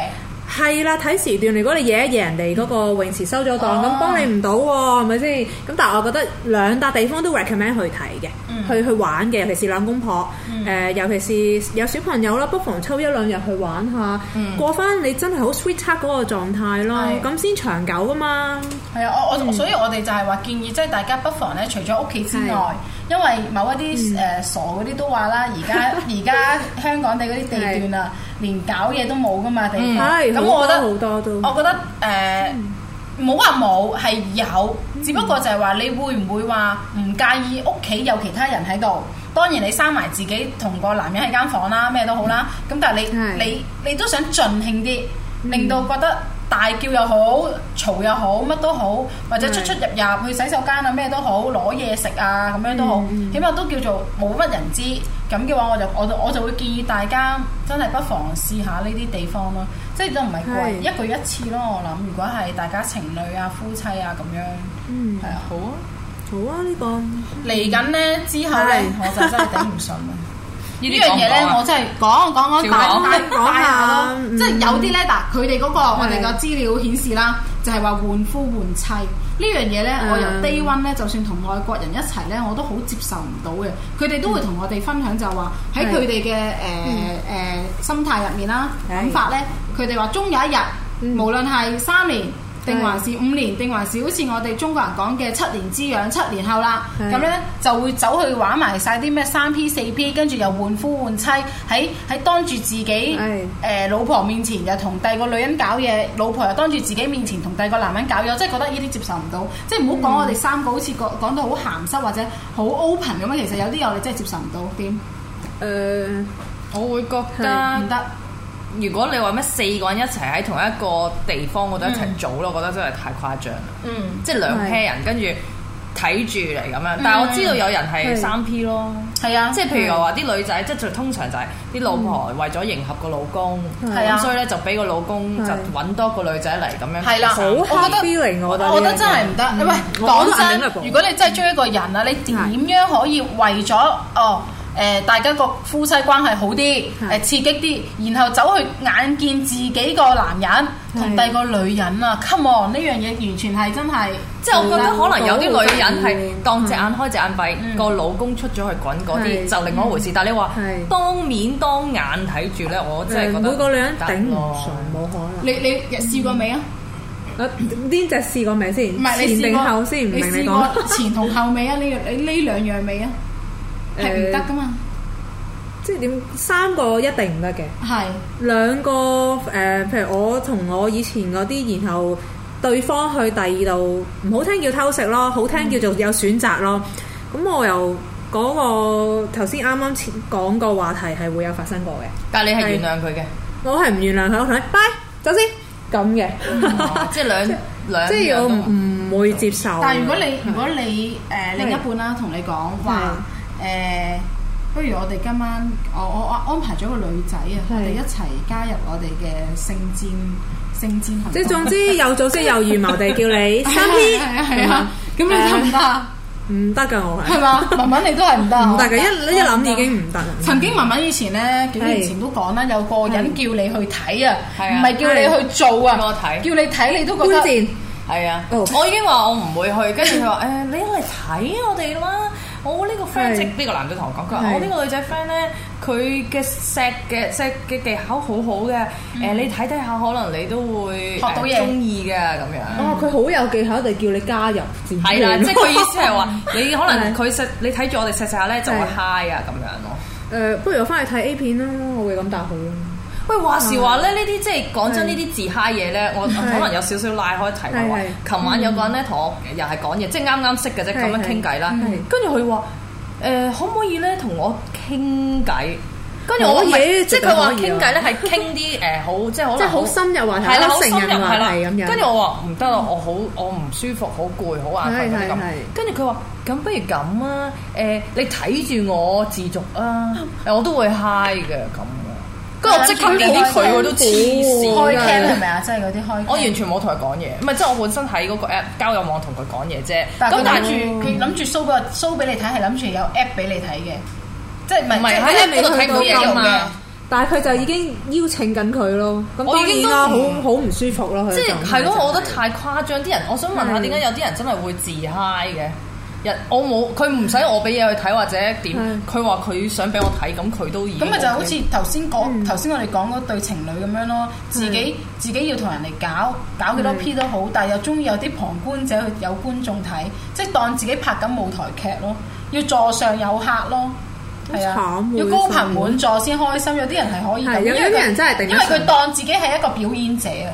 係啦，睇時段。如果你夜一夜人哋嗰個泳池收咗檔，咁、哦、幫你唔到喎，係咪先？咁但係我覺得兩笪地方都 recommend 去睇嘅、嗯，去去玩嘅，尤其是兩公婆，誒、嗯呃，尤其是有小朋友啦，不妨抽一兩日去玩下，嗯、過翻你真係好 sweetheart 嗰個狀態咯，咁先是的 長久噶嘛。係啊，我我所以我哋就係話建議，即係大家不妨咧，除咗屋企之外。因為某一啲誒傻嗰啲都話啦，而家而家香港地嗰啲地段啊，連搞嘢都冇㗎嘛，地方。係好多好多都。我覺得誒，冇話冇係有，只不過就係話你會唔會話唔介意屋企有其他人喺度？當然你閂埋自己同個男人喺間房啦，咩都好啦。咁但係你你你都想盡興啲，令到覺得。大叫又好，嘈又好，乜都好，或者出出入入去洗手間啊，咩都好，攞嘢食啊，咁樣都好，嗯、起碼都叫做冇乜人知。咁嘅話我，我就我我就會建議大家真係不妨試下呢啲地方咯，即係都唔係貴是一一個月一次咯。我諗，如果係大家情侶啊、夫妻啊咁樣，係啊、嗯，吧好啊，好啊，這個、呢個嚟緊咧之後咧，我就真係頂唔順啦。 *laughs* 而呢樣嘢咧，我真係講講講，大講下咯。即係有啲咧，嗱佢哋嗰個我哋嘅資料顯示啦，是就係話換夫換妻樣呢樣嘢咧，我由低 a y 咧，就算同外國人一齊咧，我都好接受唔到嘅。佢哋都會同我哋分享，就話喺佢哋嘅誒誒心態入面啦、諗法咧，佢哋話終有一日，嗯、無論係三年。對 定還是五年，定還是好似我哋中國人講嘅七年之癢，七年後啦，咁呢是的 就會走去玩埋晒啲咩三 P 四 P，跟住又換夫換妻，喺喺當住自己誒是的、呃、老婆面前又同第二個女人搞嘢，老婆又當住自己面前同第二個男人搞嘢，我真係覺得呢啲接受唔到，嗯、即係唔好講我哋三個好似講講到好鹹濕或者好 open 咁樣，其實有啲我哋真係接受唔到。點？誒、呃，我會覺得唔得。如果你話咩四個人一齊喺同一個地方，我覺得一齊組咯，我覺得真係太誇張啦。嗯，即係兩 pair 人跟住睇住嚟咁樣，但係我知道有人係三 P 咯。係啊，即係譬如我話啲女仔，即係通常就係啲老婆為咗迎合個老公，係啊，所以咧就俾個老公就揾多個女仔嚟咁樣。係啦，我覺得，我覺得真係唔得。唔係講真，如果你真係追一個人啊，你點樣可以為咗哦？誒，大家個夫妻關係好啲，誒刺激啲，然後走去眼見自己個男人同第二個女人啊，Come on，呢樣嘢完全係真係，即係我覺得可能有啲女人係當隻眼開隻眼閉，個老公出咗去滾嗰啲就另外一回事。但你話當面當眼睇住咧，我真係覺得每個女人頂唔順，冇可能。你你試過未啊？呢隻試過未先？唔係你試過前先，你試過前同後尾啊？呢呢兩樣未啊？係唔得噶嘛？即係點三個一定唔得嘅，係兩個誒，譬如我同我以前嗰啲，然後對方去第二度，唔好聽叫偷食咯，好聽叫做有選擇咯。咁我又嗰個頭先啱啱講個話題係會有發生過嘅，但係你係原諒佢嘅，我係唔原諒佢，我同佢拜走先咁嘅，即係兩兩，即係我唔會接受。但係如果你如果你誒另一半啦同你講話。誒，不如我哋今晚，我我我安排咗個女仔啊，我哋一齊加入我哋嘅聖戰聖戰行動。即係總之有組織有預謀地叫你三 P，係啊，係啊，咁你得唔得啊？唔得㗎，我係。係嘛，雯雯你都係唔得。唔得㗎，一一諗已經唔得。曾經雯雯以前咧幾年前都講啦，有個人叫你去睇啊，唔係叫你去做啊，叫我睇，叫你睇你都覺得。觀戰係啊，我已經話我唔會去，跟住佢話誒，你嚟睇我哋啦。我呢、哦呢個 friend 即呢個男仔同我講，佢話我呢個女仔 friend 咧，佢嘅石嘅石嘅技巧好好嘅，誒、嗯呃、你睇睇下，可能你都會誒中意嘅咁樣。嗯、哦，佢好有技巧，就叫你加入，係啦、啊，即係佢意思係話 *laughs* 你可能佢石，你睇住我哋石石下咧就會 high 啊咁是樣咯。誒、呃，不如我翻去睇 A 片啦，我會咁答佢。喂，話時話咧，呢啲即係講真，呢啲自嗨嘢咧，我可能有少少拉開題目。話琴晚有個人咧同我又係講嘢，即係啱啱識嘅啫，咁樣傾偈啦。跟住佢話：誒，可唔可以咧同我傾偈？跟住我唔即係佢話傾偈咧係傾啲誒好即係可能即係好深入話題啦，深入係啦咁樣。跟住我話唔得咯，我好我唔舒服，好攰，好眼瞓咁。跟住佢話：咁不如咁啊，誒你睇住我自足啊，我都會嗨嘅咁。我即刻見啲佢喎，都黐線開傾，係咪啊？即係嗰啲開，我完全冇同佢講嘢，唔係即係我本身喺嗰個 app 交友網同佢講嘢啫。咁但係佢諗住 show 嗰個 show 俾你睇，係諗住有 app 俾你睇嘅，即係唔係喺你度睇到嘢用嘅。但係佢就已經邀請緊佢咯。我已經好好唔舒服咯。即係係咯，我覺得太誇張。啲人，我想問下點解有啲人真係會自嗨嘅？我冇佢唔使我俾嘢去睇或者點，佢話佢想俾我睇，咁佢都已經咁咪就好似頭先講頭先我哋講嗰對情侶咁樣咯，自己自己要同人嚟搞搞幾多 P 都好，但係又中意有啲旁觀者去有觀眾睇，即係當自己拍緊舞台劇咯，要座上有客咯，係啊，要高朋滿座先開心。有啲人係可以咁，有啲人真係，因為佢當自己係一個表演者啊。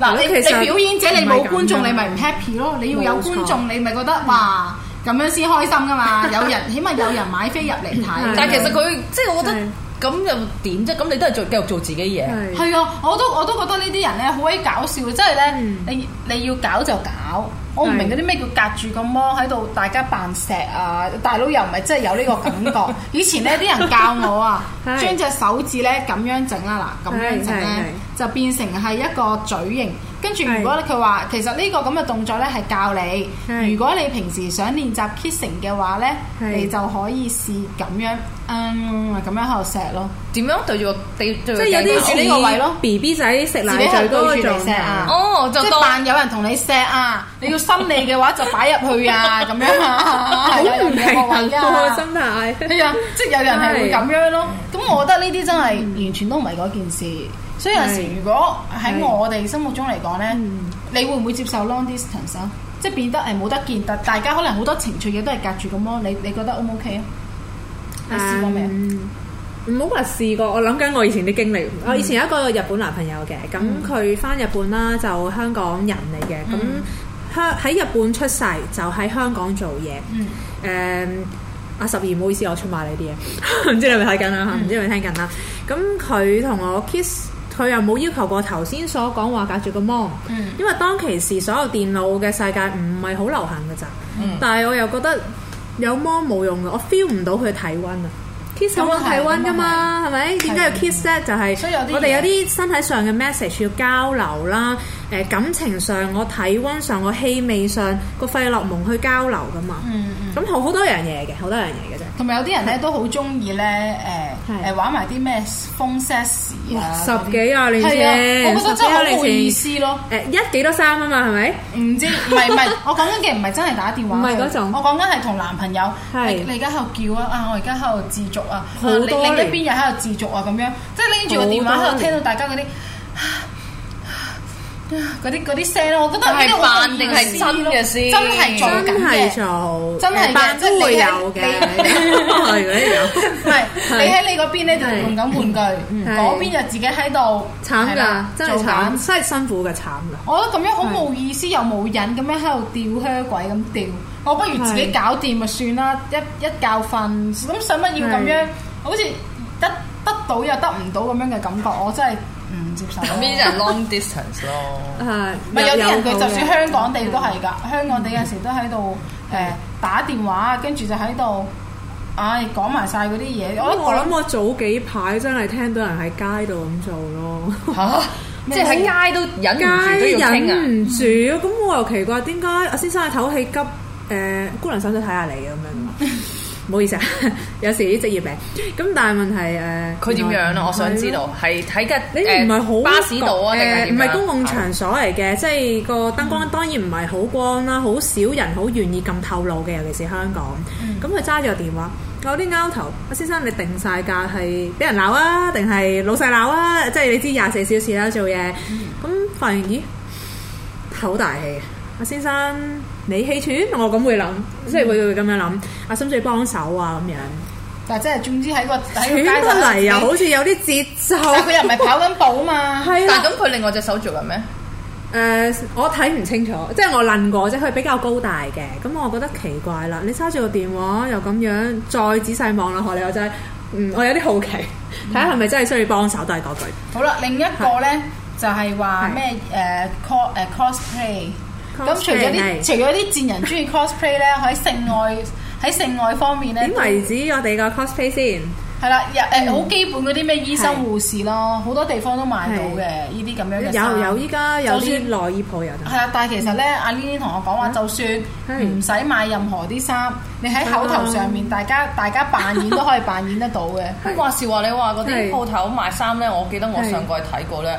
嗱，你其實你表演者你冇觀眾你咪唔 happy 咯，你要有觀眾你咪覺得嘩。咁樣先開心噶嘛？有人，起碼有人買飛入嚟睇。 *laughs* 但其實佢即係我覺得咁的又點啫？咁你都係做繼續做自己嘢。係啊，我都我都覺得呢啲人咧好鬼搞笑。即係咧，嗯、你你要搞就搞。我唔明嗰啲咩叫隔住個芒喺度，大家扮石啊！大佬又唔係真係有呢個感覺。 *laughs* 以前咧啲人教我啊，將 *laughs* 隻手指咧咁樣整啦嗱，咁樣整咧的就變成係一個嘴型。跟住，如果佢話，其實呢個咁嘅動作咧係教你，是的 如果你平時想練習 kissing 嘅話咧，是的 你就可以試咁樣，嗯，咁樣喺度錫咯。點樣對住個地？即係有啲似呢個位咯。B B 仔食奶，自己最高處嚟錫啊！哦，即係但有人同你錫啊！你要心理嘅話，就擺入去啊！咁樣啊，好 *laughs* 啊，平啊，嘅心態。哎呀，即係有人係會咁樣咯。咁我覺得呢啲真係完全都唔係嗰件事。所以有陣時，如果喺我哋心目中嚟講咧，你會唔會接受 long distance？嗯、即係變得誒冇得見，得，大家可能好多情趣嘢都係隔住咁咯。你你覺得 O 唔 OK 啊？你試過未啊？唔好話試過，我諗緊我以前啲經歷。嗯、我以前有一個日本男朋友嘅，咁佢翻日本啦，就香港人嚟嘅。咁香喺日本出世，就喺香港做嘢。誒、嗯 um, 啊，阿十二唔好意思，我出賣你啲嘢，唔 *laughs* 知你係咪睇緊啦？唔、嗯、知你係咪聽緊啦？咁佢同我 kiss 下。 *laughs* 佢又冇要求過頭先所講話隔住個 mon，因為當其時所有電腦嘅世界唔係好流行㗎咋。但係我又覺得有 mon 冇用嘅，我 feel 唔到佢體溫啊。kiss 有體溫㗎嘛，係咪？點解要 kiss 咧？就係我哋有啲身體上嘅 message 要交流啦，誒感情上、我體溫上、我氣味上、個費洛蒙去交流㗎嘛。咁好好多樣嘢嘅，好多樣嘢嘅。同埋有啲人咧都好中意咧，誒誒玩埋啲咩 phone sex 啊，十幾廿年前，我覺得真係冇意思咯。誒一幾多三啊嘛，係咪？唔知，唔係唔係，我講緊嘅唔係真係打電話，唔係嗰種。我講緊係同男朋友，你而家喺度叫啊，啊我而家喺度自續啊，另一邊又喺度自續啊，咁樣，即係拎住個電話，喺度聽到大家嗰啲。嗰啲嗰啲聲，我覺得係扮定係真嘅先，真係做緊嘅，真係嘅，都會有嘅，係，係，你喺你嗰邊咧就用緊玩具，嗰邊就自己喺度，慘㗎，真係慘，真係辛苦嘅，慘㗎。我覺得咁樣好冇意思，又冇癮，咁樣喺度吊靴鬼咁吊，我不如自己搞掂咪算啦，一一覺瞓，咁使乜要咁樣？好似得得到又得唔到咁樣嘅感覺，我真係～唔接受，咁呢啲就係 long distance 咯。係有，咪有啲人佢就算香港地都係㗎，嗯、香港地有時都喺度誒打電話，跟住就喺度，唉講埋晒嗰啲嘢。嗯、我我諗我早幾排真係聽到人喺街度咁做咯。嚇、啊， *laughs* 即係喺街都忍唔住，忍唔住都要傾啊！咁、嗯、我又奇怪點解阿先生啊，唞氣急誒，姑娘想睇下你咁樣。 *laughs* 唔好意思啊，有時啲職業病。咁但係問題誒，佢點樣咯？我想知道，係睇緊？你唔係好巴士度啊？定係唔係公共場所嚟嘅，即係個燈光當然唔係好光啦，好少人好願意咁透露嘅，尤其是香港。咁佢揸住個電話，有啲拗頭。阿先生，你定晒價係俾人鬧啊？定係老細鬧啊？即係你知廿四小時啦，做嘢。咁發現咦，好大氣。阿先生。你氣喘，我咁會諗，即係會會咁樣諗，阿心仔幫手啊咁樣。但係真係總之喺個喘出嚟，又好似有啲節奏。但係佢又唔係跑緊步啊嘛。係啊。但係咁佢另外隻手做緊咩？誒，我睇唔清楚，即係我諗過啫，佢比較高大嘅，咁我覺得奇怪啦。你揸住個電話又咁樣，再仔細望落，何小姐。嗯，我有啲好奇，睇下係咪真係需要幫手，都係嗰句。好啦，另一個咧就係話咩誒，cos 誒 cosplay。咁除咗啲，除咗啲賤人中意 cosplay 咧，喺 *laughs* 性愛喺性愛方面咧，點為止都我哋個 cosplay 先？係啦，又好基本嗰啲咩醫生護士咯，好多地方都買到嘅呢啲咁樣。有有依家有啲內衣鋪有。係啊，但係其實咧，阿 l y 同我講話，就算唔使買任何啲衫，你喺口頭上面，大家大家扮演都可以扮演得到嘅。話時話你話嗰啲鋪頭賣衫咧，我記得我上個月睇過咧，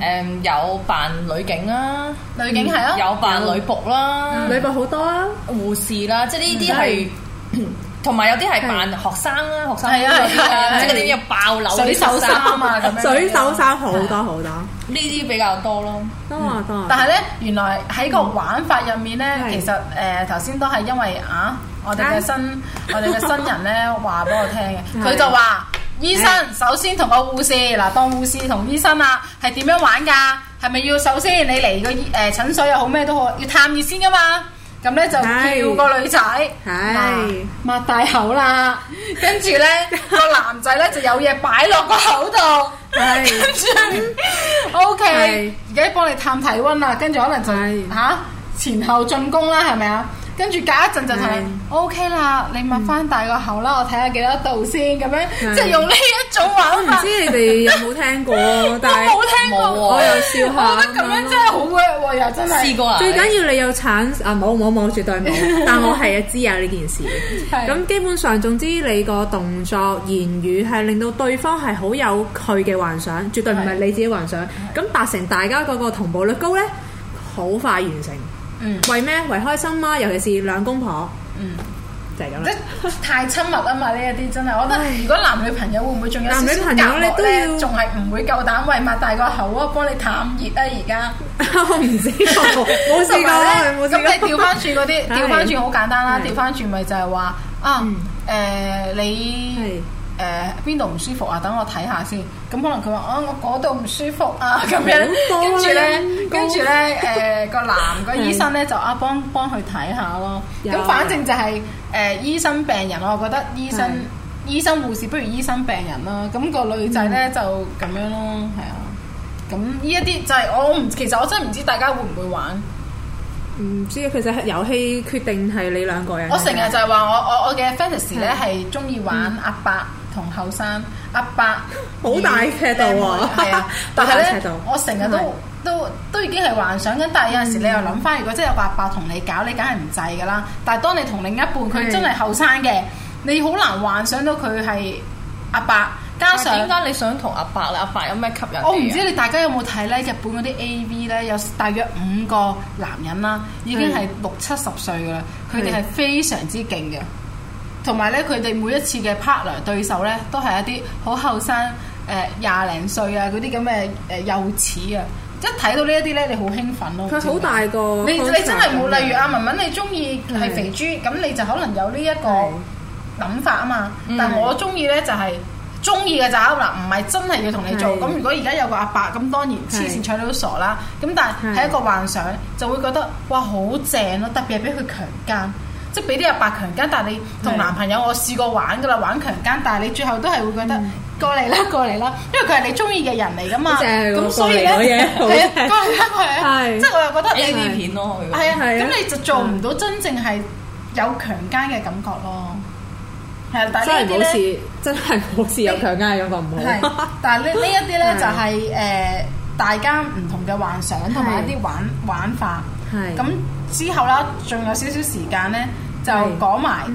誒有扮女警啦，女警係啊，有扮女僕啦，女僕好多啊，護士啦，即係呢啲係。同埋有啲係扮學生啊，學生即係嗰啲要爆樓水手衫啊，嘛，咁樣水手衫好多好多，呢啲比較多咯，多啊多！但係咧，原來喺個玩法入面咧，其實誒頭先都係因為啊，我哋嘅新我哋嘅新人咧話俾我聽嘅，佢就話醫生首先同個護士嗱，當護士同醫生啊，係點樣玩㗎？係咪要首先你嚟個誒診所又好咩都好，要探熱先㗎嘛？咁咧就叫個女仔，擘大口啦， *laughs* 跟住咧 *laughs* 個男仔咧就有嘢擺落個口度，O K，而家幫你探體温啦，跟住可能就吓是、啊，前後進攻啦，係咪啊？跟住隔一陣就係 O K 啦，你抹翻大個口啦，嗯、我睇下幾多度先咁樣，即係用呢一種玩法我唔知你哋有冇聽過？都冇 *laughs* 聽過有、啊，我又笑下。我覺得咁樣真係好 work、嗯，又真係。試過啊！嗯、最緊要你有慘啊冇冇冇，絕對冇。但我係啊知啊呢件事。咁 *laughs* 基本上總之你個動作言語係令到對方係好有佢嘅幻想，絕對唔係你自己幻想。咁達是成大家嗰個同步率高呢，好快完成。嗯，為咩？為開心啊！尤其是兩公婆，嗯，就係咁啦。即係太親密啊嘛，呢一啲真係，我覺得如果男女朋友會唔會仲有少少隔膜咧？男女朋友你都仲係唔會夠膽為擘大個口幫啊，幫你探熱啊？而家我唔知，冇試過 *laughs* 冇試過。咁你調翻轉嗰啲，調翻轉好簡單啦。調翻轉咪就係話啊，誒、嗯嗯呃，你。誒，邊度唔舒服啊？等我睇下先。咁可能佢話、啊，我我嗰度唔舒服啊，咁樣。跟住咧，跟住咧，誒對個、呃、男個醫生咧對就啊，幫幫佢睇下咯。咁有反正就係、是、誒、呃，醫生病人，我覺得醫生是醫生護士不如醫生病人啦。咁、那個女仔咧就咁樣咯，係啊對。咁呢一啲就係我唔，其實我真係唔知大家會唔會玩。唔、嗯、知，其實係遊戲決定係你兩個人我我。我成日就係話我我我嘅 fantasy 咧係中意玩阿伯。嗯嗯同後生阿伯好大尺度啊！係啊，但係咧，我成日都是都都，都已經係幻想緊，但係有陣時你又諗翻，如果真係有個阿伯同你搞，你梗係唔制噶啦。但係當你同另一半佢真係後生嘅，是你好難幻想到佢係阿伯。加上點解你想同阿伯咧？阿伯有咩吸引？我唔知你大家有冇睇咧？日本嗰啲 A V 咧，有大約五個男人啦，已經係六七十歲噶啦，佢哋係非常之勁嘅。同埋咧，佢哋每一次嘅 partner 對手咧，都係一啲好後生，誒廿零歲啊嗰啲咁嘅誒幼齒啊，一睇到呢一啲咧，你好興奮咯！佢好大個，你你真係冇。例如阿文文，你中意係肥豬，咁是你就可能有呢一個諗法啊嘛。是但我中意咧就係中意嘅就嗱，唔係真係要同你做。咁是如果而家有個阿伯，咁當然黐線蠢到都傻啦。咁是但係係一個幻想，就會覺得哇好正咯！特別係俾佢強姦。」即係俾啲人白強奸，但係你同男朋友我試過玩㗎啦，玩強奸，但係你最後都係會覺得過嚟啦，過嚟啦，因為佢係你中意嘅人嚟㗎嘛。咁所以咧，係啊，係啊，係即係我又覺得 A 片咯，係啊係啊，咁你就做唔到真正係有強奸嘅感覺咯。係啊，但係真係好似真係好似有強奸嘅感覺唔好。但係呢呢一啲咧就係誒大家唔同嘅幻想同埋一啲玩玩法。係咁之後啦，仲有少少時間咧，就講埋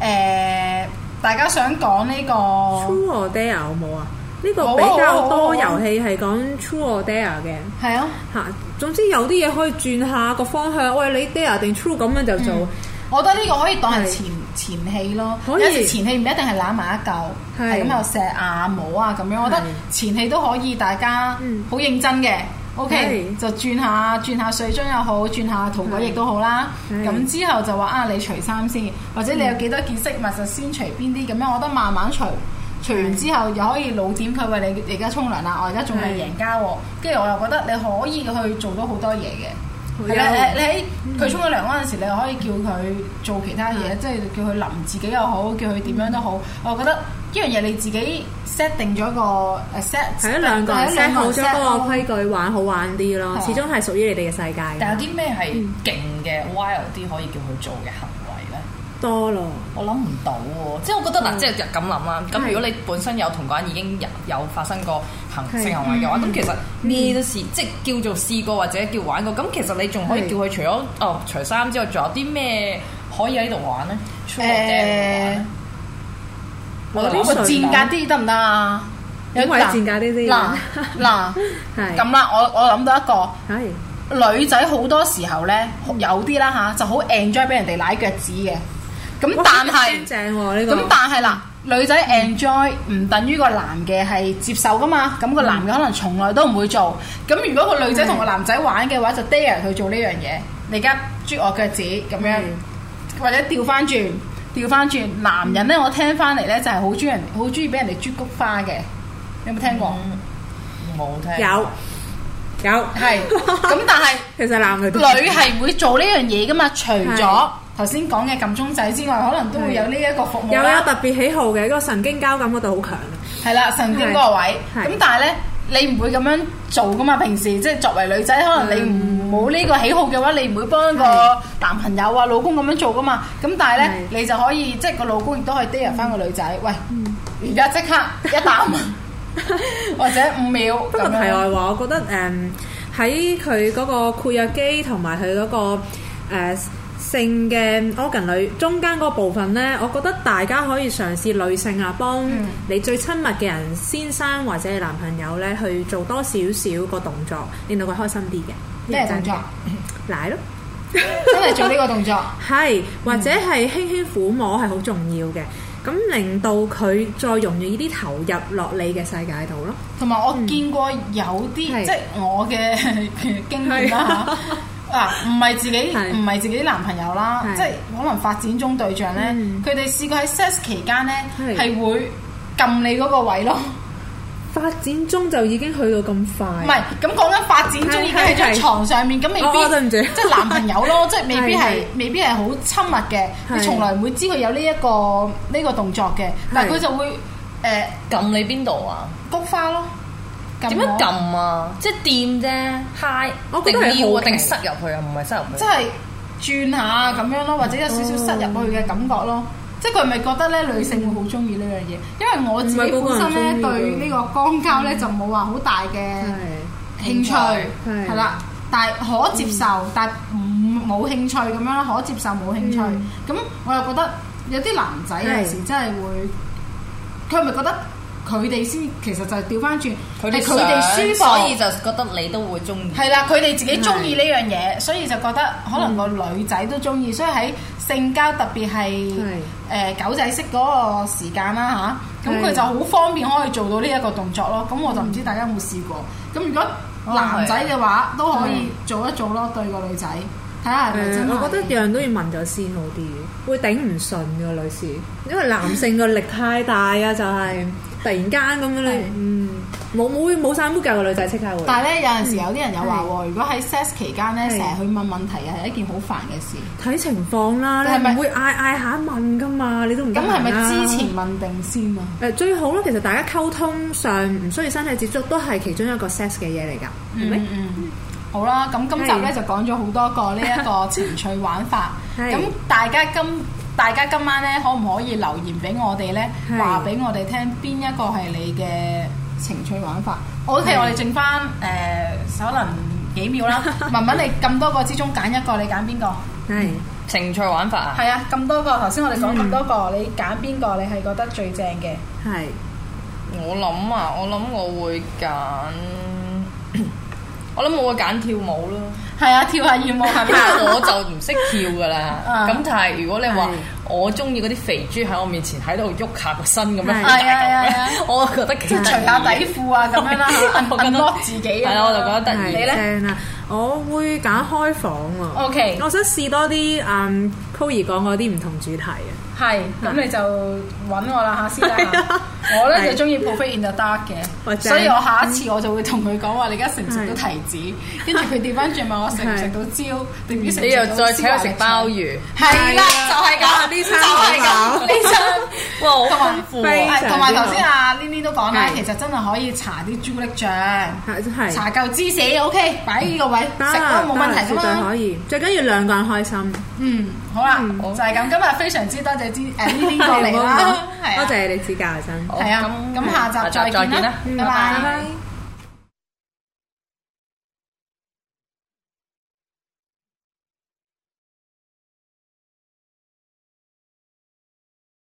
誒大家想講呢個 True or Dare 好冇啊？呢個比較多遊戲係講 True or Dare 嘅。係啊，嚇！總之有啲嘢可以轉下個方向。喂，你 Dare 定 True 咁樣就做。我覺得呢個可以當係前前戲咯。可以。有時前戲唔一定係攬埋一嚿，係咁又錫啊摸啊咁樣。我覺得前戲都可以大家好認真嘅。O.K. okay. 就轉下轉下水樽又好，轉下塗改液都好啦。咁 Okay. 之後就話啊，你除衫先，或者你有幾多件飾物就、嗯、先除邊啲咁樣。我覺得慢慢除，除完之後又可以老點佢，為你而家沖涼啦。我而家仲係贏家喎，跟住 Okay. 我又覺得你可以去做到好多嘢嘅。係啦，誒， *music* 嗯、你喺佢沖咗涼嗰陣時，你可以叫佢做其他嘢，是即係叫佢淋自己又好，叫佢點樣都好。我覺得呢樣嘢你自己設定一、uh, set 定咗個 set，係咯，但兩個 set 好咗嗰個規矩玩、嗯，玩好玩啲咯。始終係屬於你哋嘅世界、啊。嗯、但有啲咩係勁嘅 wild 啲可以叫佢做嘅？多咯，我諗唔到喎，即係我覺得嗱，即係就咁諗啦。咁如果你本身有同嗰人已經有發生過性行為嘅話，咁其實咩都試，即係叫做試過或者叫玩過，咁其實你仲可以叫佢除咗哦除衫之外，仲有啲咩可以喺度玩咧？誒，我覺得賤格啲得唔得啊？有冇賤格啲啲嗱嗱，咁啦，我我諗到一個，係女仔好多時候咧，有啲啦嚇，就好 enjoy 俾人哋舐腳趾嘅。咁但係咁但係啦，女仔 enjoy 唔等於個男嘅係接受噶嘛？咁個男嘅可能從來都唔會做。咁如果個女仔同個男仔玩嘅話，就 dare 人去做呢樣嘢。你而家啜我腳趾咁樣，或者調翻轉，調翻轉，男人咧，我聽翻嚟咧就係好中意人，好中意俾人哋啜菊花嘅。你有冇聽過？冇聽過有有係咁，但係其實男女女係唔會做呢樣嘢噶嘛，除咗。頭先講嘅撳鐘仔之外，可能都會有呢一個服務啦。有有特別喜好嘅嗰個神經交感嗰度好強。係啦，神經嗰個位。咁但係咧，你唔會咁樣做噶嘛？平時即係作為女仔，可能你唔冇呢個喜好嘅話，你唔會幫個男朋友啊、老公咁樣做噶嘛。咁但係咧，你就可以即係個老公亦都可以 dare 翻個女仔。喂，而家即刻一啖，或者五秒咁樣。題外話，我覺得誒，喺佢嗰個括約肌同埋佢嗰個誒。性嘅 organ 類中間嗰個部分咧，我覺得大家可以嘗試女性啊，幫你最親密嘅人先生或者係男朋友咧去做多少少個動作，令到佢開心啲嘅咩動作？奶咯，真係做呢個動作係，或者係輕輕撫摸係好重要嘅，咁令到佢再容易啲投入落你嘅世界度咯。同埋我見過有啲即係我嘅經驗啦嚇。啊！唔係自己，唔係自己啲男朋友啦，即係可能發展中對象咧，佢哋試過喺 sex 期間咧，係會撳你嗰個位咯。發展中就已經去到咁快？唔係，咁講緊發展中已經喺張牀上面，咁未必即係男朋友咯，即係未必係，未必係好親密嘅，你從來唔會知佢有呢一個呢個動作嘅，但係佢就會誒撳你邊度啊？菊花咯。點樣撳啊？即係掂啫，high 定掉啊？定塞入去啊？唔係塞入。即係轉下咁樣咯，或者有少少塞入去嘅感覺咯。即係佢係咪覺得咧，女性會好中意呢樣嘢？因為我自己本身咧，對呢個肛交咧，就冇話好大嘅興趣係啦，但係可接受，但係唔冇興趣咁樣啦，可接受冇興趣。咁我又覺得有啲男仔有時真係會，佢係咪覺得？佢哋先，其實就調翻轉，佢哋舒服，所以就覺得你都會中意。係啦，佢哋自己中意呢樣嘢，所以就覺得可能個女仔都中意，所以喺性交特別係誒狗仔式嗰個時間啦吓，咁佢就好方便可以做到呢一個動作咯。咁我就唔知大家有冇試過咁？如果男仔嘅話都可以做一做咯，對個女仔睇下係咪真。我覺得樣都要問咗先好啲，會頂唔順嘅女士，因為男性個力太大啊，就係。突然間咁樣咧，冇冇會冇晒 mood 嘅女仔即刻會。但係咧，有陣時有啲人又話喎，如果喺 sex 期間咧，成日去問問題又係一件好煩嘅事。睇情況啦，你係咪會嗌嗌下問㗎嘛？你都唔咁，係咪之前問定先啊？誒最好啦，其實大家溝通上唔需要身體接觸，都係其中一個 sex 嘅嘢嚟㗎。嗯嗯，好啦，咁今集咧就講咗好多個呢一個情趣玩法。咁大家今大家今晚咧，可唔可以留言俾我哋咧？話俾我哋聽邊一個係你嘅情趣玩法？Okay, 我哋我哋剩翻誒可能幾秒啦。雯雯，你咁多個之中揀一個，你揀邊個？係、嗯、情趣玩法啊？係啊，咁多個頭先我哋講咁多個，你揀邊個？嗯、你係覺得最正嘅？係。我諗啊，我諗我會揀。我諗我會揀跳舞咯，係啊，跳下熱舞係咪？我就唔識跳噶啦，咁就係如果你話我中意嗰啲肥豬喺我面前喺度喐下個身咁樣，係啊係啊，啊。我覺得幾有趣，除下底褲啊咁樣，咁多自己。係啊，我就覺得得意。 *laughs* 你咧呢，我會揀開房啊 OK，我想試多啲嗯，溝兒講啲唔同主題啊。係，咁你就揾我啦嚇師奶，我咧就中意 buffet in the dark 嘅，所以我下一次我就會同佢講話，你而家食唔食到提子？跟住佢調翻轉問我食唔食到蕉，定唔食你又再請佢食鮑魚？係啦，就係咁，呢餐就係咁，呢餐哇好豐富，同埋頭先阿 Lynn Lynn 都講啦，其實真係可以搽啲朱古力醬，搽夠芝士，OK，擺喺呢個位，食都冇問題㗎嘛，最緊要兩個人開心。嗯，好啦，就係咁，今日非常之多謝。知誒呢篇題嚟啦，多謝你指教啊，生。係啊，咁，咁下集再見，下集再見啦，拜拜。拜拜。